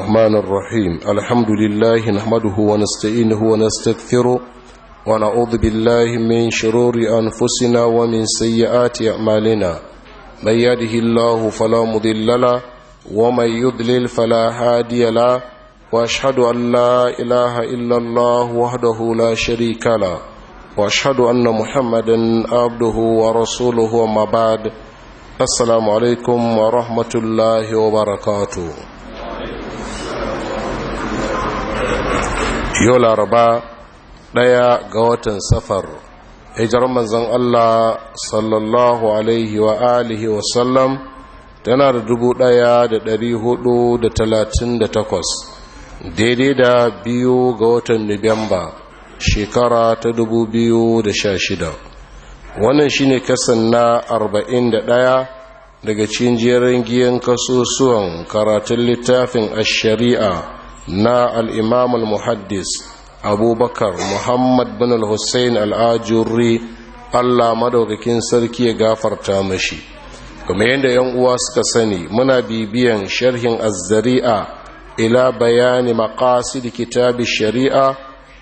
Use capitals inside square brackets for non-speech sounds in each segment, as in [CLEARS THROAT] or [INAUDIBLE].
الرحمن الرحيم الحمد لله نحمده ونستعينه ونستكثره ونعوذ بالله من شرور أنفسنا ومن سيئات أعمالنا من يده الله فلا مضل له ومن يضلل فلا هادي له وأشهد أن لا إله إلا الله وحده لا شريك له وأشهد أن محمدا عبده ورسوله وما بعد السلام عليكم ورحمة الله وبركاته yau laraba ɗaya ga watan safar hijar manzan Allah sallallahu alaihi wa alihi wa sallam tana da dubu ɗaya da ɗari hudu da talatin da takwas daidai da biyu ga watan Nubemba shekara ta dubu biyu da sha shida wannan shine kasan na arba'in da ɗaya daga cikin jerin giyan kasusuwan karatun littafin ashari'a shari'a na al'imam al-muhaddis abubakar muhammad bin al-hussein al'ajurri allah madaukakin sarki ya gafarta mashi kuma yadda yan uwa suka sani muna bibiyan sharhin azzari'a ila bayani maqasid kitabi shari'a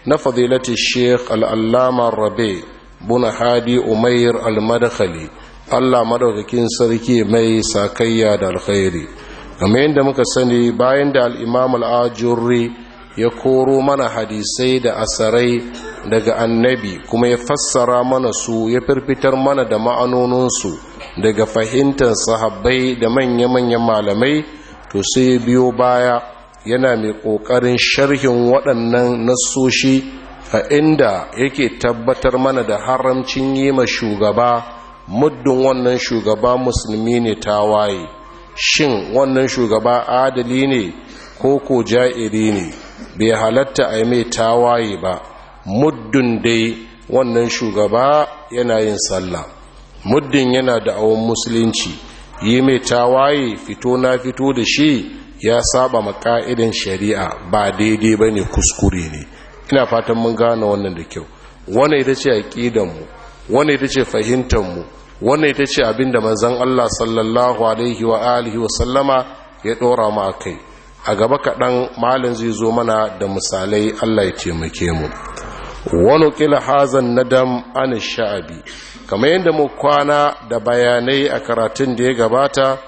na fadilati sheikh al'allama rabe buna hadi umair al-madakhali allah madaukakin sarki mai sakayya da alkhairi kamar yadda muka sani bayan da al'imam al'ajurri ya koro mana hadisai da asarai daga annabi kuma ya fassara mana su ya firfitar mana da ma'anoninsu daga fahimtar sahabbai da manya-manyan malamai to sai biyo baya yana mai ƙoƙarin sharhin waɗannan nassoshi a inda yake tabbatar mana da haramcin yi ma shugaba muddin wannan shugaba musulmi ne ta waye shin wannan shugaba adali ne ko ko ja'iri ne bai halatta a mai tawaye ba muddin dai wannan shugaba yana yin sallah muddin yana da awon musulunci yi mai tawaye fito na fito da shi ya saba maka'idan shari'a ba daidai ba ne kuskure ne ina fatan mun gane wannan da kyau wane ita ce aƙidanmu wane ita ce fahimtanmu wannan ita ce abin da manzan Allah sallallahu alaihi wa alihi wa sallama ya ɗora mu a kai a gaba kaɗan malin zai zo mana da misalai Allah ya taimake mu wani kila hazan nadam an sha'abi kamar yadda mu kwana da bayanai a karatun da ya gabata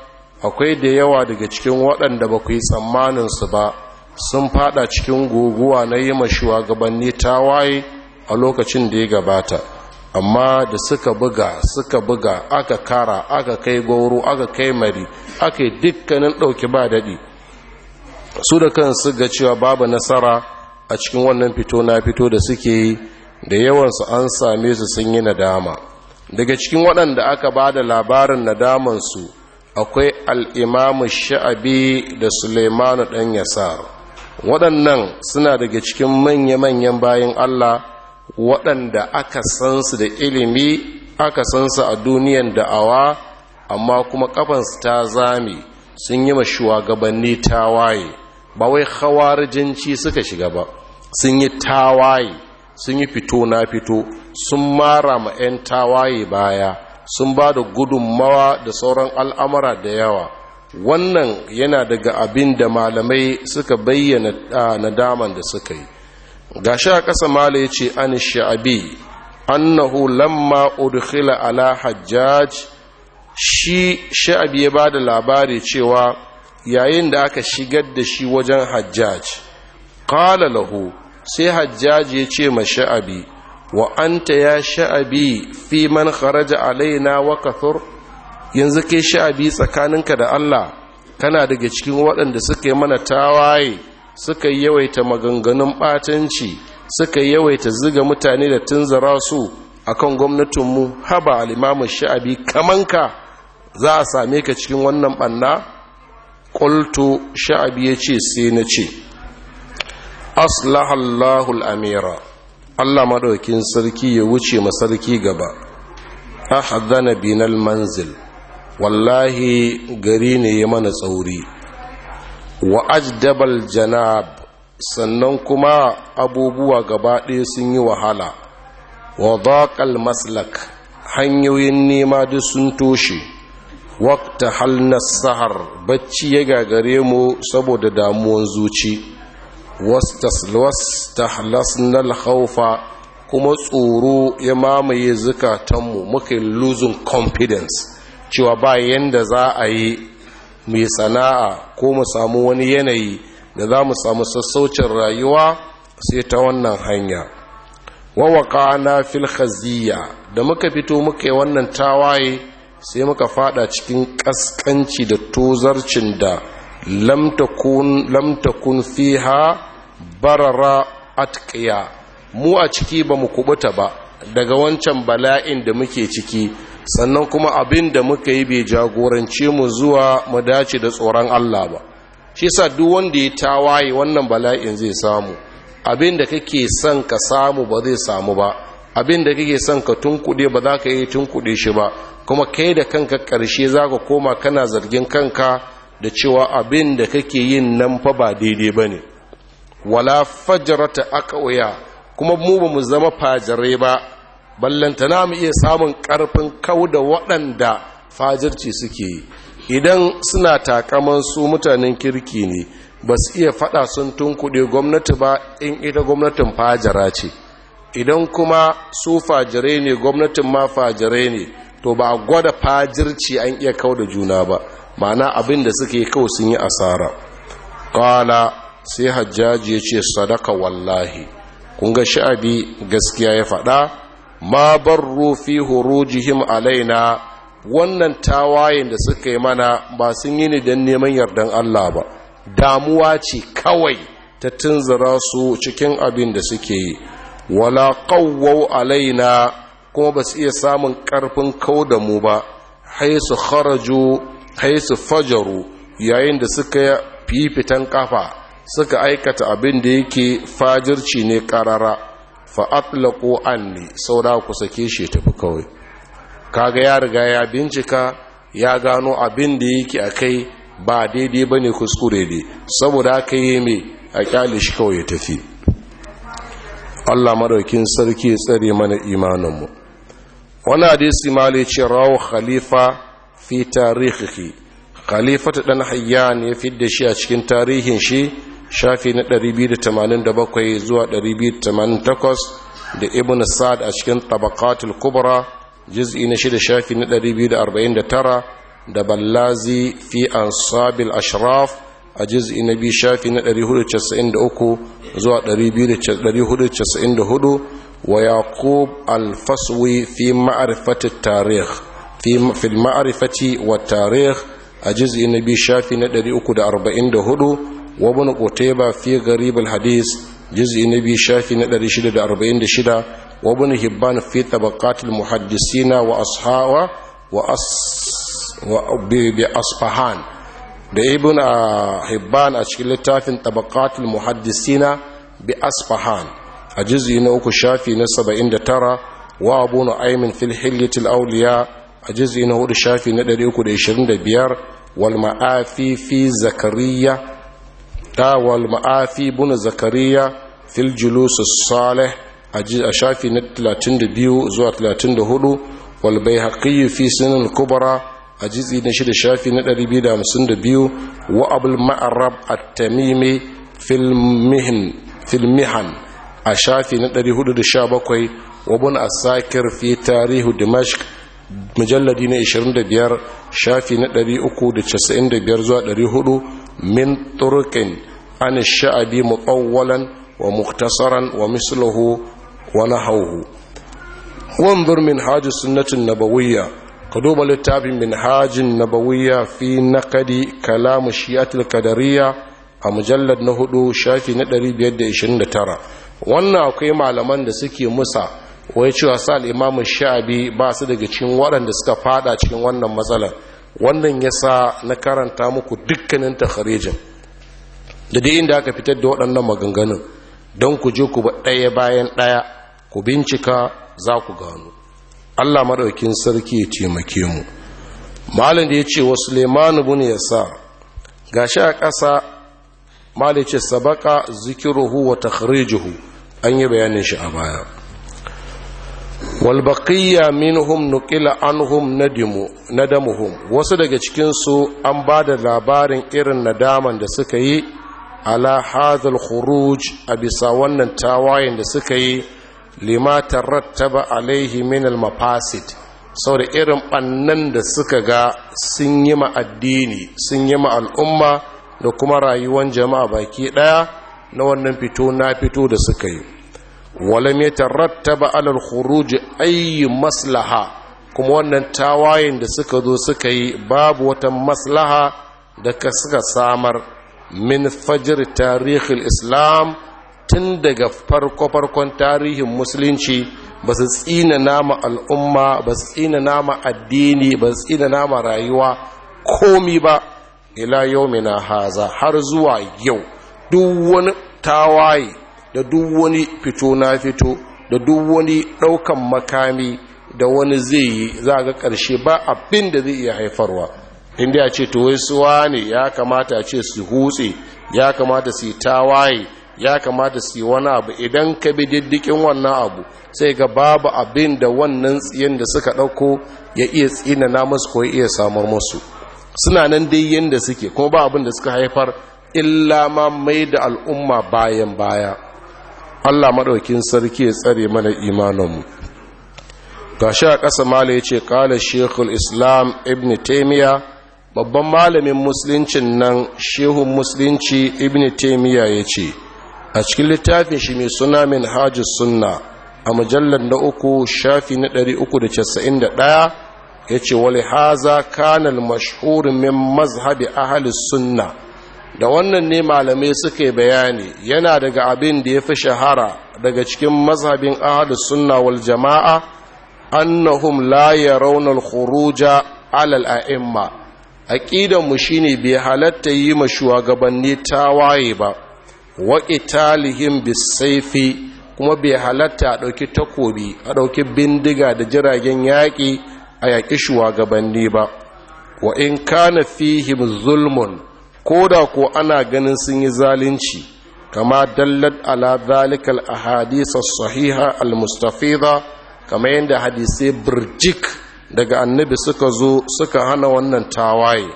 akwai da yawa daga cikin waɗanda ba ku yi tsammanin su ba sun fada cikin guguwa na yi ma shugabanni tawaye a lokacin da ya gabata amma da suka buga suka buga aka kara aka kai goro aka kai mari aka yi dukkanin ɗauki ba daɗi su da kansu ga cewa babu nasara a cikin wannan fito na fito da suke yi da yawansu an same su sun yi nadama daga cikin waɗanda aka ba da labarin nadamansu akwai al'imamu sha'abi da suleimanu ɗan yasar waɗannan suna daga cikin manya-manyan bayan allah waɗanda aka san su da ilimi aka san su a duniyan da'awa amma kuma kafansu ta zame sun yi ma shugabanni tawaye ba wai hawarijinci suka shiga ba sun yi tawaye sun yi fito na fito sun mara ma 'yan tawaye baya sun ba da gudunmawa da sauran al'amara da yawa wannan yana daga abin da malamai suka bayyana ah, nadaman da suka yi Ga sha ƙasa mala ya ce an sha'abi annahu lamma udkhila ala hajjaj shi sha'abi ya ba da labari cewa yayin da aka shigar da shi wajen hajjaj qala lahu sai hajjaj ya ce ma sha'abi wa anta ya sha'abi fi man kharaja alaina wa kathur yanzu kai sha'abi tsakaninka da Allah kana daga cikin waɗanda suka yi mana tawaye suka yawaita maganganun ɓatanci suka yawaita ziga mutane da tunzara su akan gwamnatinmu haba alimamu sha'abi kamanka za a same ka cikin wannan banna? ƙultu sha'abi ya ce sai na ce aslahallahul amira allah maɗaukin sarki ya wuce masarki gaba ahadana binal manzil wallahi gari ne ya mana tsauri wa ajdabal janab sannan kuma abubuwa gaba ɗaya sun yi wahala wa baƙal maslak hanyoyin nema da sun toshe wakta hal sahar bacci ya gagare mu saboda damuwan zuci na haufa kuma tsoro ya mamaye zukatanmu muka losing confidence cewa bayan yanda za a yi Mai sana'a ko mu samu wani yanayi da za mu samu sassaucin rayuwa sai ta wannan hanya wawaka na filhaziya da muka fito muka yi wannan tawaye sai muka fada cikin kaskanci da tozarcin da lamtakun fiha barara atkiya mu a ciki ba mu kubuta ba daga wancan bala'in da muke ciki sannan kuma abin da muka yi bai jagorance mu zuwa mu dace da tsoron Allah ba shi sa duk wanda ya tawaye wannan bala'in zai samu abin da kake son ka samu ba zai samu ba abin da kake son ka tunkude ba za ka yi tunkude shi ba kuma kai da kanka karshe za ka koma kana zargin kanka da cewa abin da kake yin nan fa ba daidai ba ne wala fajarata aka waya kuma mu ba mu zama fajarai ba ballantana mu iya samun ƙarfin kau da waɗanda fajirci suke yi idan suna takaman su mutanen kirki ne ba su iya faɗa sun tunkuɗe gwamnati ba in ita gwamnatin fajira ce idan kuma su fajirai ne gwamnatin ma fajirai ne to ba a gwada fajirci an iya kau da juna ba mana abin da suke kau sun yi asara ƙwala sai hajjaji ya ce sadaka wallahi kun ga sha'abi gaskiya ya faɗa ma barru fi hurujihim alaina wannan tawayen da suka yi mana ba sun yi ne don neman yardan Allah ba damuwa ce kawai ta tunzura su cikin abin da suke yi wala qawwau alaina kuma ba su iya samun karfin kau da mu ba haisu kharaju haisu fajaru yayin da suka fifitan kafa suka aikata abin da yake fajirci ne karara fa alli sau saura ku sake shi tafi kawai kaga ya riga ya bincika ya gano abin da yake a kai ba daidai ba ne kuskure ne saboda aka yi mai a kyali shi kawai ya tafi Allah maraukin sarki ya tsare mana imaninmu wani hadisi malai ce rawu khalifa fi tarihi ɗan hayya ne ya da shi a cikin tarihin shi shafi na 287 zuwa 288 da ibn sa'ad a cikin tabaqatul kubra juz'i na shida shafi na 249 da ballazi fi ansabil ashraf a juz'i na biyu shafi na 493 zuwa 494 wa yaqub al-faswi fi ma'rifati at-tarikh fi al-ma'rifati wat-tarikh a juz'i na biyu shafi na 344 wa ibn qutayba fi gharib al-hadith na biyu shafi na 646 wa ibn hibban fi tabaqat al-muhaddisina wa ashawa wa as wa asfahan da ibn hibban a cikin littafin tabaqat al-muhaddisina bi asfahan a juz'i na uku shafi na 79 wa abu nu'aymin fil hilyat al-awliya a na shafi na fi zakariya wal ma'afi bin zakariya fil julus salih a shafi na 32 zuwa 34 wal bayhaqi fi sunan Kubara a jitsi na shida shafi na 252 wa abul ma'arab at-tamimi fil a shafi na 417 wa bin asakir fi tarihu dimashq mujalladi na 25 shafi na 395 zuwa 400 min turqin an sha'abi mutawwalan wa muktasaran wa misluhu wa nahawhu wanzur min haji sunnatin nabawiyya ka duba littafin min hajin nabawiyya fi naqadi kalam shi'atul qadariyya a mujallad na hudu shafi na 529 wannan akwai malaman da suke musa wai cewa sa al-imam sha'abi ba su daga cikin waɗanda suka fada cikin wannan matsalar wannan ya sa na karanta muku dukkanin takharijin da dai inda aka fitar da waɗannan maganganun don ku je ku ɗaya bayan ɗaya ku bincika za ku gano allah maɗaukin sarki ya taimake mu malin da ya ce wa suleimanu bin ga shi a ƙasa malin ce sabaka zikiruhu wa takharijuhu an yi bayanin shi a baya walbaƙiyya minhum nukila anhum nadamuhum wasu daga cikinsu an ba da labarin irin nadaman da suka yi ala hazal khuruj a bisa wannan tawayen da suka yi limatar rattaba alaihi min al-mafasid saboda irin ɓannan da suka ga sun yi ma addini sun yi ma al'umma da kuma rayuwar jama'a baki ɗaya na wannan fito na fito da suka yi walam yatarattaba ala al-khuruj ay maslaha kuma wannan tawayen da suka zo suka yi babu wata maslaha da ka suka samar min fajr tarihil islam tun daga farko-farkon tarihin musulunci ba su tsina nama al'umma ba su tsina nama addini ba su tsina nama rayuwa komi ba ila yau mina haza har zuwa yau duk wani tawaye da duk wani fito na fito da duk wani ɗaukan makami da wani zai yi za ga ƙarshe ba abin da zai iya haifarwa inda ya ce to suwa ne ya kamata ce su hutse ya kamata su tawaye ya kamata su wani abu idan ka bi diddikin wannan abu sai ga babu abin da wannan tsiyan da suka ɗauko ya iya tsina musu ko iya samar musu suna nan dai yadda suke kuma ba abin da suka haifar illa ma mai da al'umma bayan baya Allah maɗaukin sarki ya tsare mana imaninmu ga shi a ƙasa mala yace ce ƙala islam ibn taimiyya babban malamin musuluncin nan shehun musulunci ibn taimiyya ya ce a cikin littafin shi mai suna min hajji sunna a mujallar na uku shafi na 391 ya ce wale haza kanal mashhurin min mazhabi ahalis sunna da wannan ne malamai suke bayani yana daga abin da ya fi shahara daga cikin mazhabin ahadu sunna wal jama'a annahum la yarawna raunar khuruja alal aimma aqidan mu shine bai halatta yi ma shugabanni tawaye ba wa talihin bisaifi kuma bai halatta a dauki takobi a ɗauki bindiga da jiragen yaƙi a yaki shugabanni ba wa in kana fihim zulmun ko da ko ana ganin sun yi zalunci kama dallat ala zalikal ahadisa sahiha almustafida kama yadda hadisai birjik daga annabi suka zo suka hana wannan tawaye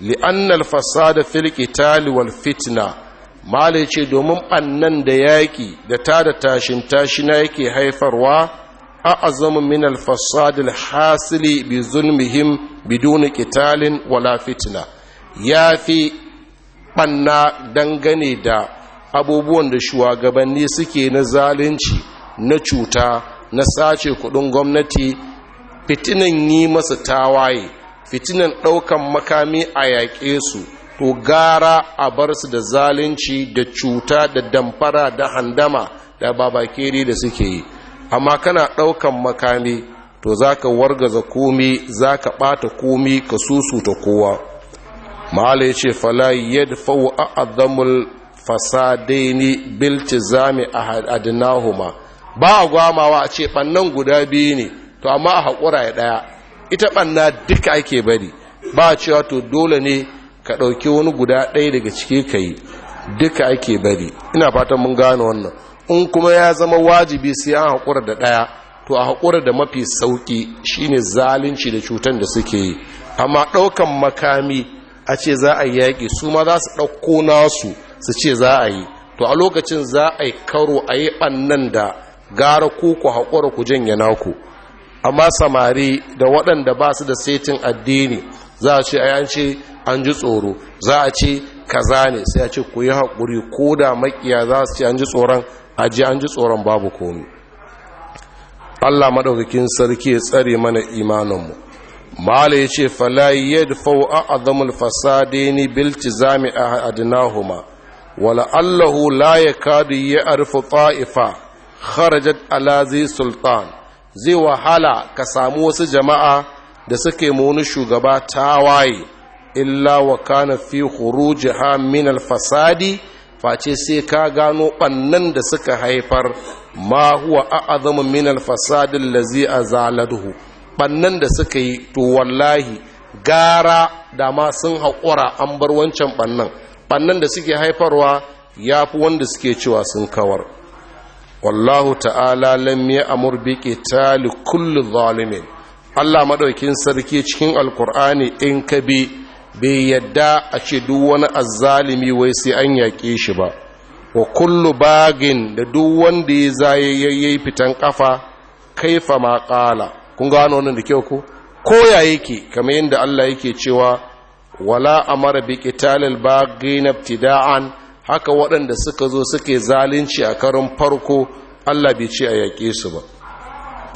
li'annal fasada fil qitali wal fitna malai ce domin annan da yaƙi da ta da tashin tashina yake haifarwa a azamu min al fasadil hasili bi zulmihim biduni qitalin wala fitna ya fi ɓanna dangane da abubuwan da shugabanni suke na zalunci na cuta na sace kudin gwamnati fitinan yi masa tawaye fitinan ɗaukan makami a yaƙe su to gara a bar su da zalunci da cuta da damfara da handama da babakeri da suke yi amma kana ɗaukan makami to za ka wargaza komi za ka ɓata komi ka susu ta kowa mahala ya ce fala yadfa'u bilci zami biltizami adinahuma ba a gwamawa a ce bannan guda biyu ne to amma a haƙura ya ɗaya ita banna duka ake bari ba a cewa to dole ne ka ɗauki wani guda ɗaya daga ciki ka yi duka ake bari ina fatan mun gane wannan in kuma ya zama wajibi sai an haƙura da ɗaya to a haƙura da mafi sauƙi shine zalunci da cutar da suke yi amma ɗaukan makami a ce za a yi yaƙi su ma za su ɗauko nasu su ce za a yi to a lokacin za a yi karo a yi ɓannan da gara ko ku haƙura ku janye naku amma samari da waɗanda ba su da setin addini za a ce a an ce an ji tsoro za a ce kaza ne sai a ce ku yi haƙuri ko da makiya za su ce an ji tsoron a ji an ji tsoron babu komi allah maɗaukakin sarki ya tsare mana imaninmu mala ya ce da fau'a a azamul fasade ni bilci zami a adinahuma wala'allahu la ya kadu ya arfi ta'ifa kharajat alazi sultan zai wahala ka samu wasu jama'a da suke munu shugaba tawaye illa wa kana fi khurujiha min alfasadi fasadi face sai ka gano ɓannan da suka haifar ma huwa a'zamu min alfasadin lazi a zaladuhu bannan da suka yi to wallahi gara da ma sun haƙura an bar wancan bannan bannan da suke haifarwa ya fi wanda suke cewa sun kawar wallahu ta'ala lammi a amur bi tali kullum zalimin Allah maɗaukin sarki cikin alkur'ani in ka bi bai yadda a ce duk wani azzalimi wai sai an yaƙe shi ba wa kullu bagin da duk wanda ya zaye yayyai fitan ƙafa kaifa ma ƙala. kun ga wannan da kyau ko koya yake kamar yadda Allah yake cewa wala amara bi qitalil baghin ibtida'an haka waɗanda suka zo suke zalunci a karin farko Allah bai ce a yake su ba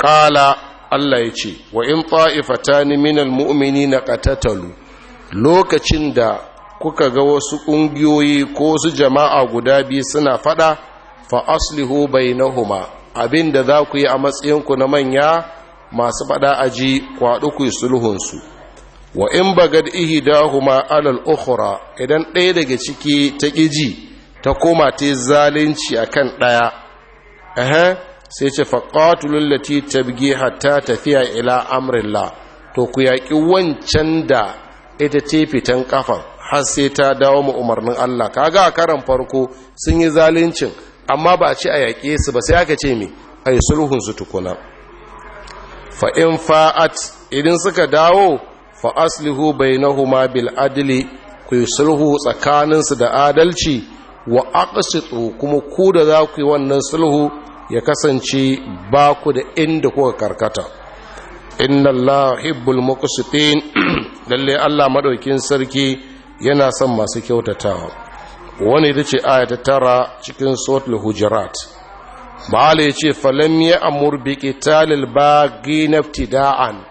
qala Allah ya ce wa in ta'ifatani minal mu'minina qatatalu lokacin da kuka ga wasu ƙungiyoyi ko su jama'a guda biyu suna fada fa aslihu bainahuma abinda za ku yi a matsayinku na manya masu fada aji kwaɗo ku sulhunsu wa in bagad dahuma alal ukhra idan ɗaya daga ciki ta ƙiji ta koma ta zalunci kan ɗaya sai ce faqatulul lati tabghi hatta tafiya ila amrillah to ku yaƙi wancan da ita ce fitan ƙafan har sai ta dawo mu umarnin Allah kaga a karan farko sun yi zaluncin amma ba a ci a yaƙe su ba sai aka ce me ayi sulhunsu tukuna fa in fa'at idan suka dawo fa aslihu bainahuma bil adli ku sulhu tsakaninsu da adalci wa aqsitu kuma ku da za ku yi wannan sulhu ya kasance ba ku da inda kuka karkata inna allaha hibbul muqsitin [CLEARS THROAT] lalle Allah madaukin sarki yana son masu kyautatawa wani ita ce ayata tara cikin suratul hujurat bala ya ce falam ya amur Talil ba baghi da'an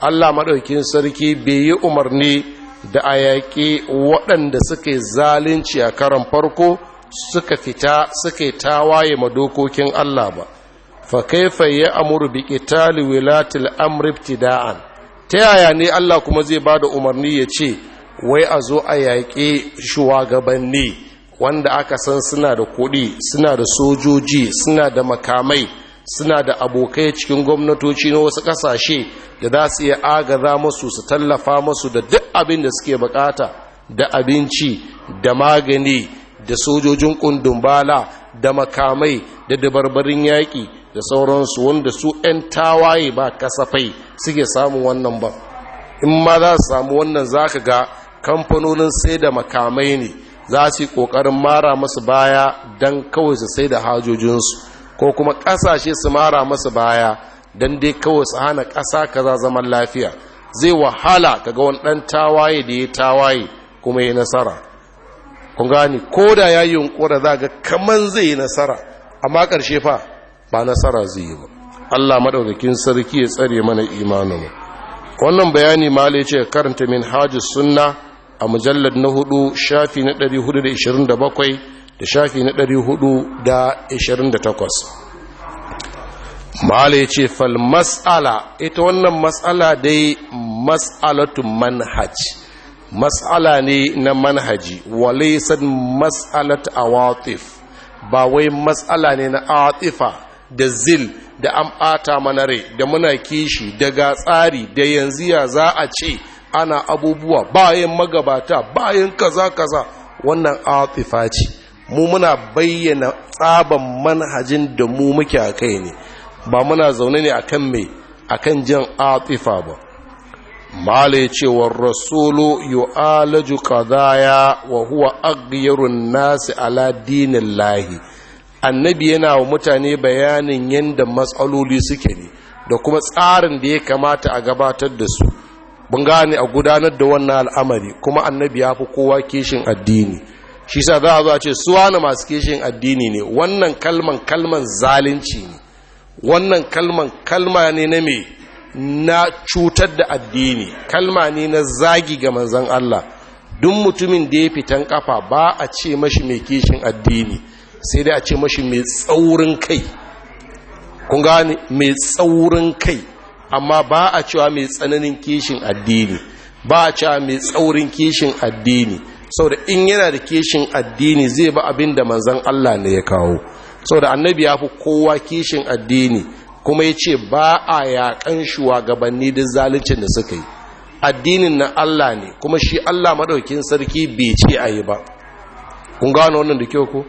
Allah maɗaukin sarki bai yi umarni da a yaƙi waɗanda suka zalunci a karan farko suka fita suka tawaye madokokin Allah ba fa kaifa ya amur biki Talil wilatil amurifti da'an ta yaya ne Allah kuma zai bada umarni ya ce wai a zo a yaƙi shugabanni wanda aka san suna da kuɗi suna da sojoji suna da makamai suna da abokai cikin gwamnatoci na wasu ƙasashe da za su iya agaza masu su tallafa masu da duk abin da suke bukata da abinci da magani da sojojin kundumbala da makamai da dabarbarin yaƙi da sauransu wanda su 'yan tawaye ba kasafai suke samun wannan ba in ma za su samu wannan za ka ga kamfanonin sai da makamai ne za su yi ƙoƙarin mara masu baya don kawai su sai da hajojinsu ko kuma ƙasashe su mara masu baya don dai kawai su hana ƙasa kaza zaman lafiya zai wahala ka ga wani ɗan tawaye da ya tawaye kuma ya nasara kun gani ko da ya yi yunƙura za ga kaman zai yi nasara amma ƙarshe fa ba nasara zai yi ba allah maɗaukakin sarki ya tsare mana imaninmu wannan bayani ma ce karanta min hajji sunna a mujallar na hudu shafi na 427 da shafi na 428 ma'ala ya ce fal mas'ala ita wannan mas'ala dai mas'alatu manhaj mas'ala ne na manhaji walaisan mas'alat watif ba wai mas'ala ne na atifa da zil da an ɓata mana rai da muna kishi daga tsari da yanzu ya za a ce ana abubuwa bayan magabata bayan kaza kaza wannan atifa ce mu muna bayyana tsaban manhajin da mu muke a kai ne ba muna zaune ne akan mai akan jan atifa ba malai cewa rasulu yu'alaju qadaya wa huwa aghyarun nasi ala dinin annabi yana wa mutane bayanin yadda matsaloli suke ne da kuma tsarin da ya kamata a gabatar da su mun gane a gudanar da wannan al'amari kuma annabi ya fi kowa kishin addini shi sa za a zo ce suwa na masu kishin addini ne wannan kalman kalman zalunci ne wannan kalman kalma ne na me na cutar da addini kalma ne na zagi ga manzan Allah duk mutumin da ya fitan kafa ba a ce mashi mai kishin addini sai dai a ce mashi mai tsaurin kai kun gane mai tsaurin kai amma ba a cewa mai tsananin kishin addini ba a cewa mai tsaurin kishin addini saboda in yana da kishin addini zai ba abin da manzan Allah ne ya kawo saboda annabi ya fi kowa kishin addini kuma ya ce ba a yaƙan shugabanni da zaluncin da suka yi addinin na Allah ne kuma shi Allah maɗaukin sarki bai ce a yi ba kun gano wannan da kyau ko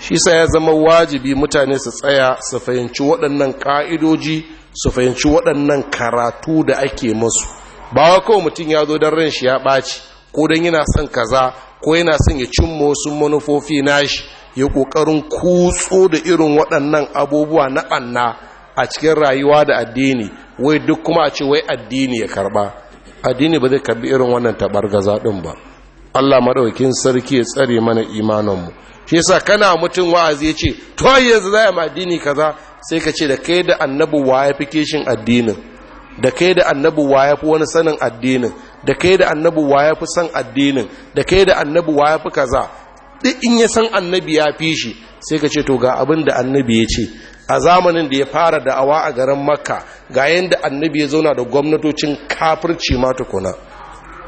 shi sa ya zama wajibi mutane su tsaya su fahimci waɗannan ƙa'idoji su fahimci waɗannan karatu da ake masu ba wa kawai mutum ya zo don ran shi ya ɓaci ko don yana son kaza ko yana son ya cimma wasu manufofi shi, ya ƙoƙarin kutso da irin waɗannan abubuwa na ɓanna a cikin rayuwa da addini wai duk kuma a ce wai addini ya karɓa addini ba zai karɓi irin wannan taɓar ga ɗin ba allah maɗaukin sarki ya tsare mana imaninmu shi yasa kana mutum wa'azi ya ce to yanzu za a ma addini kaza sai ka ce da kai da wa ya fi kishin addinin da kai da wa ya fi wani sanin addinin da kai da wa ya fi san addinin da kai da wa ya fi kaza duk in ya san annabi ya fi shi sai ka ce to ga abin da annabi ya ce a zamanin da ya fara da'awa a garin makka ga yadda annabi ya zauna da gwamnatocin kafirci ma tukuna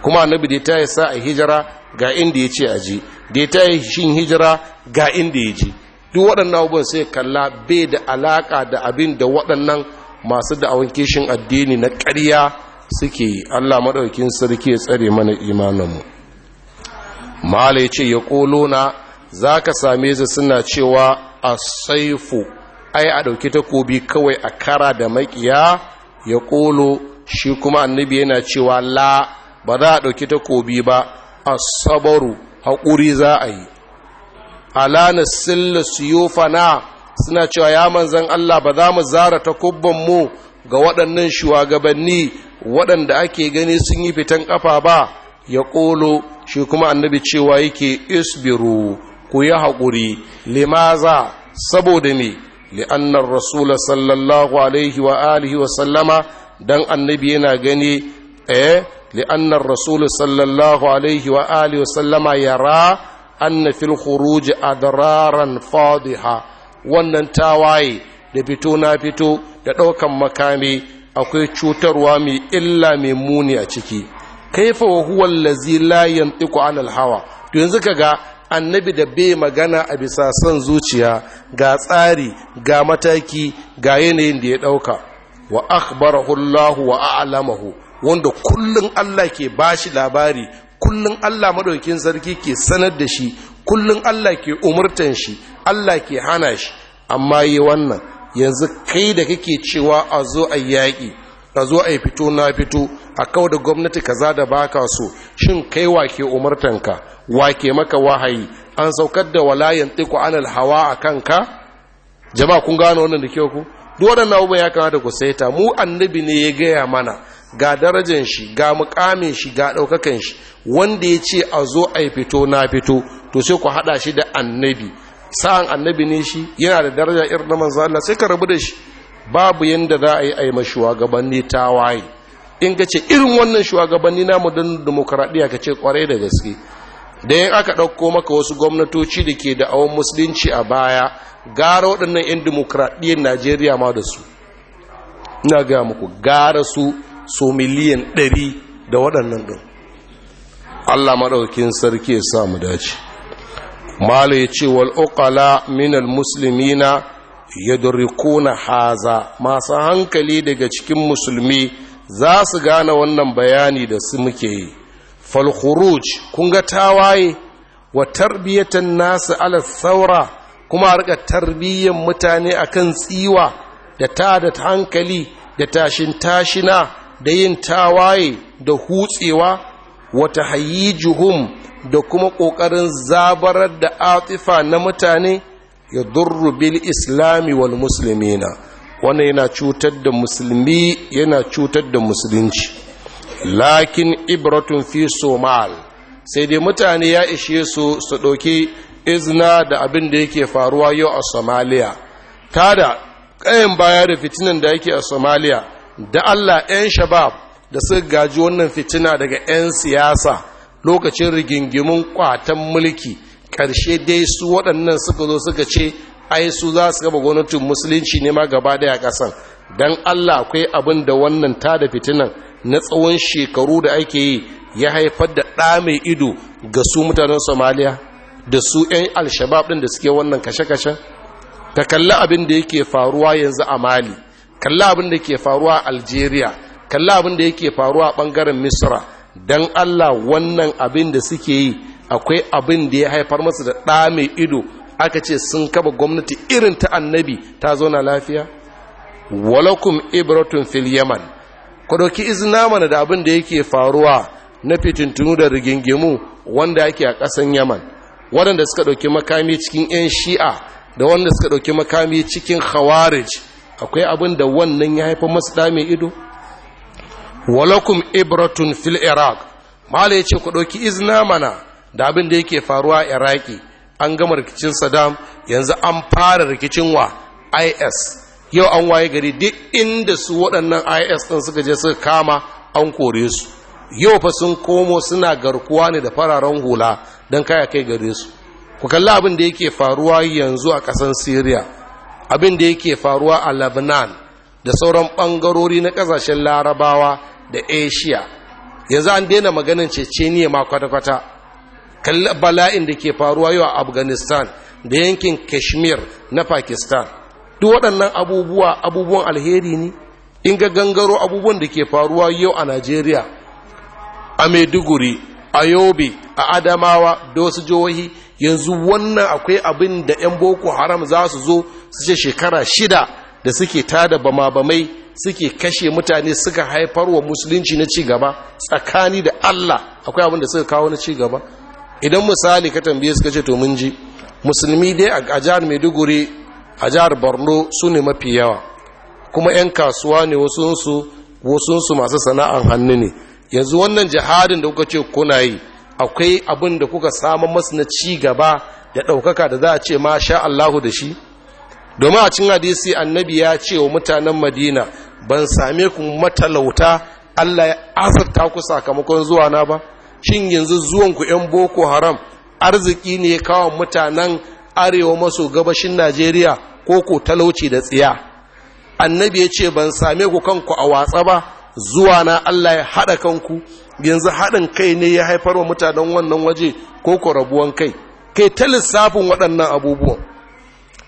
kuma annabi da ta yi sa a hijira ga inda ya ce a ji da ta yi shin hijira ga inda ya je. duk waɗannan abubuwan sai kalla bai da alaƙa da abin da waɗannan masu da'awan kishin addini na ƙarya suke yi allah maɗaukin sarki ya tsare mana imaninmu mala ya ce ya na? za ka same su suna cewa a saifu ai a ɗauki takobi kawai a kara da maƙiya ya ƙolo shi kuma annabi yana cewa la ba za a ɗauki takobi ba a sabaru haƙuri za a yi alana sillu siyufana suna cewa ya manzan Allah ba za mu zara kubban mu ga waɗannan shugabanni waɗanda ake gani sun yi fitan ƙafa ba ya ƙolo shi kuma annabi cewa yake isbiru ku yi haƙuri limaza saboda me li'annar rasula sallallahu alaihi wa alihi wa sallama dan annabi yana gani eh li'annar rasula sallallahu alaihi wa alihi wa sallama yara anna fil a adraran fadiha wannan tawaye da fito na fito da ɗaukan makami akwai cutarwa mai illa mai muni a ciki kaifa wa huwa allazi la yantiqu anil hawa to yanzu kaga annabi da bai magana a bisa son zuciya ga tsari ga mataki ga yanayin da ya ɗauka wa akhbarahu Allah wa a'lamahu wanda kullum Allah ke bashi labari Kullum Allah maɗaukin sarki ke sanar da shi Kullum Allah ke umurtan shi Allah ke hana shi amma yi wannan yanzu kai da kake cewa a zo a yaƙi a zo a yi fito na fito a kawo da gwamnati kaza da baka so shin kai wa ke wake Wa ke maka wahayi an saukar da walayan tiku anal hawa a kanka jama'a kun gano wannan da kyau ku duk waɗannan abubuwan ya kamata ku saita mu annabi ne ya gaya mana ga darajan shi ga mukamin shi ga ɗaukakan shi wanda ya ce a zo a fito na fito to sai ku haɗa shi da annabi sa'an annabi ne shi yana da daraja irin na manzo Allah sai ka rabu da shi babu yanda za a yi a yi ma shugabanni tawaye in ka ce irin wannan shugabanni namu don demokradiyya ka ce kwarai da gaske da yin aka ɗauko maka wasu gwamnatoci da ke da awon musulunci a baya gara waɗannan 'yan demokradiyyar najeriya ma da su ina gaya muku gara su so miliyan ɗari da waɗannan ɗin allah maɗaukin sarki ya samu dace mala ya ce wal'ukala minal musulmina yadurikuna haza masu hankali daga cikin musulmi za su gane wannan bayani da su muke yi falkhuruj kun ga tawaye wa tarbiyyatan nasu ala saura kuma a tarbiyyan mutane akan tsiwa da ta da hankali da tashin tashina da yin tawaye da hutsewa wata hayyijuhum da kuma ƙoƙarin zabarar da atifa na mutane ya durru bil islami wal musulmina wannan yana cutar da musulmi yana cutar da musulunci lakin ibratun fi somal sai dai mutane ya ishe su su ɗauki izina da abin da yake faruwa yau a somaliya tada ƙayan baya da fitinan da yake a somaliya da Allah 'yan shabab da suka gaji wannan fitina daga 'yan siyasa lokacin rigingimun kwatan mulki ƙarshe dai su waɗannan suka zo suka ce ai su za su gaba gwamnatin musulunci ne ma gaba daya ƙasan don Allah akwai abin da wannan ta da fitinan na tsawon shekaru da ake yi ya haifar da ɗa mai ido ga su mutanen somaliya da su 'yan alshabab ɗin da suke wannan kashe-kashen ta kalli abin da yake faruwa yanzu a mali kalla abin da ke faruwa algeria kalla abin da yake faruwa a bangaren misra don allah wannan abin da suke yi akwai abin da ya haifar masa da ɗa mai ido aka ce sun kaba gwamnati irin ta annabi ta zauna lafiya walakum ibratun fil yaman ku izina mana da abin da yake faruwa na fitintunu da rigingimu wanda yake a ƙasan yaman waɗanda suka ɗauki makami cikin 'yan shi'a da wanda suka ɗauki makami cikin khawarij akwai abin da wannan ya haifa masu dame ido walakum ibratun fil iraq mala ya ce ku ɗauki izna mana da abin da yake faruwa a iraki an gama rikicin saddam yanzu an fara rikicin wa is yau an waye gari duk inda su waɗannan is ɗin suka je suka kama an kore su yau fa sun komo suna garkuwa ne da fararen hula don kaya kai gare su ku kalli abin da yake faruwa yanzu a ƙasar Siriya. abin da yake faruwa a lebanon da sauran ɓangarori na ƙasashen larabawa da asia yanzu an daina maganin ceceniya ma kwata-kwata bala'in da ke faruwa yau a afghanistan da yankin kashmir na pakistan duk waɗannan abubuwa abubuwan alheri ne in ga gangaro abubuwan da ke faruwa yau a najeriya a maiduguri a yobe a adamawa da wasu jihohi yanzu wannan akwai abin da 'yan boko haram za su zo su ce shekara shida da suke tada bama-bamai suke kashe mutane suka haifar wa musulunci na cigaba tsakani da allah akwai abin da suka kawo na cigaba idan misali ka tambaye suka ce to mun ji musulmi dai a jihar maiduguri a jihar borno su ne mafi yawa kuma 'yan kasuwa ne wasu su masu sana'an hannu ne yanzu wannan jihadin da kuka ce kuna yi akwai abin da kuka samun masu na ci gaba da ɗaukaka da za a ce ma sha Allahu da shi domin a cin hadisi annabi ya ce wa mutanen madina ban same ku matalauta Allah ya asarta ku sakamakon zuwa na ba shin yanzu zuwan ku yan boko haram arziki ne kawo mutanen arewa maso gabashin Najeriya ko ko talauci da tsiya annabi ya ce ban same ku kanku a watsa ba zuwa na Allah ya haɗa kanku yanzu haɗin kai ne ya haifar wa mutanen wannan waje ko ko rabuwan kai kai ta lissafin waɗannan abubuwan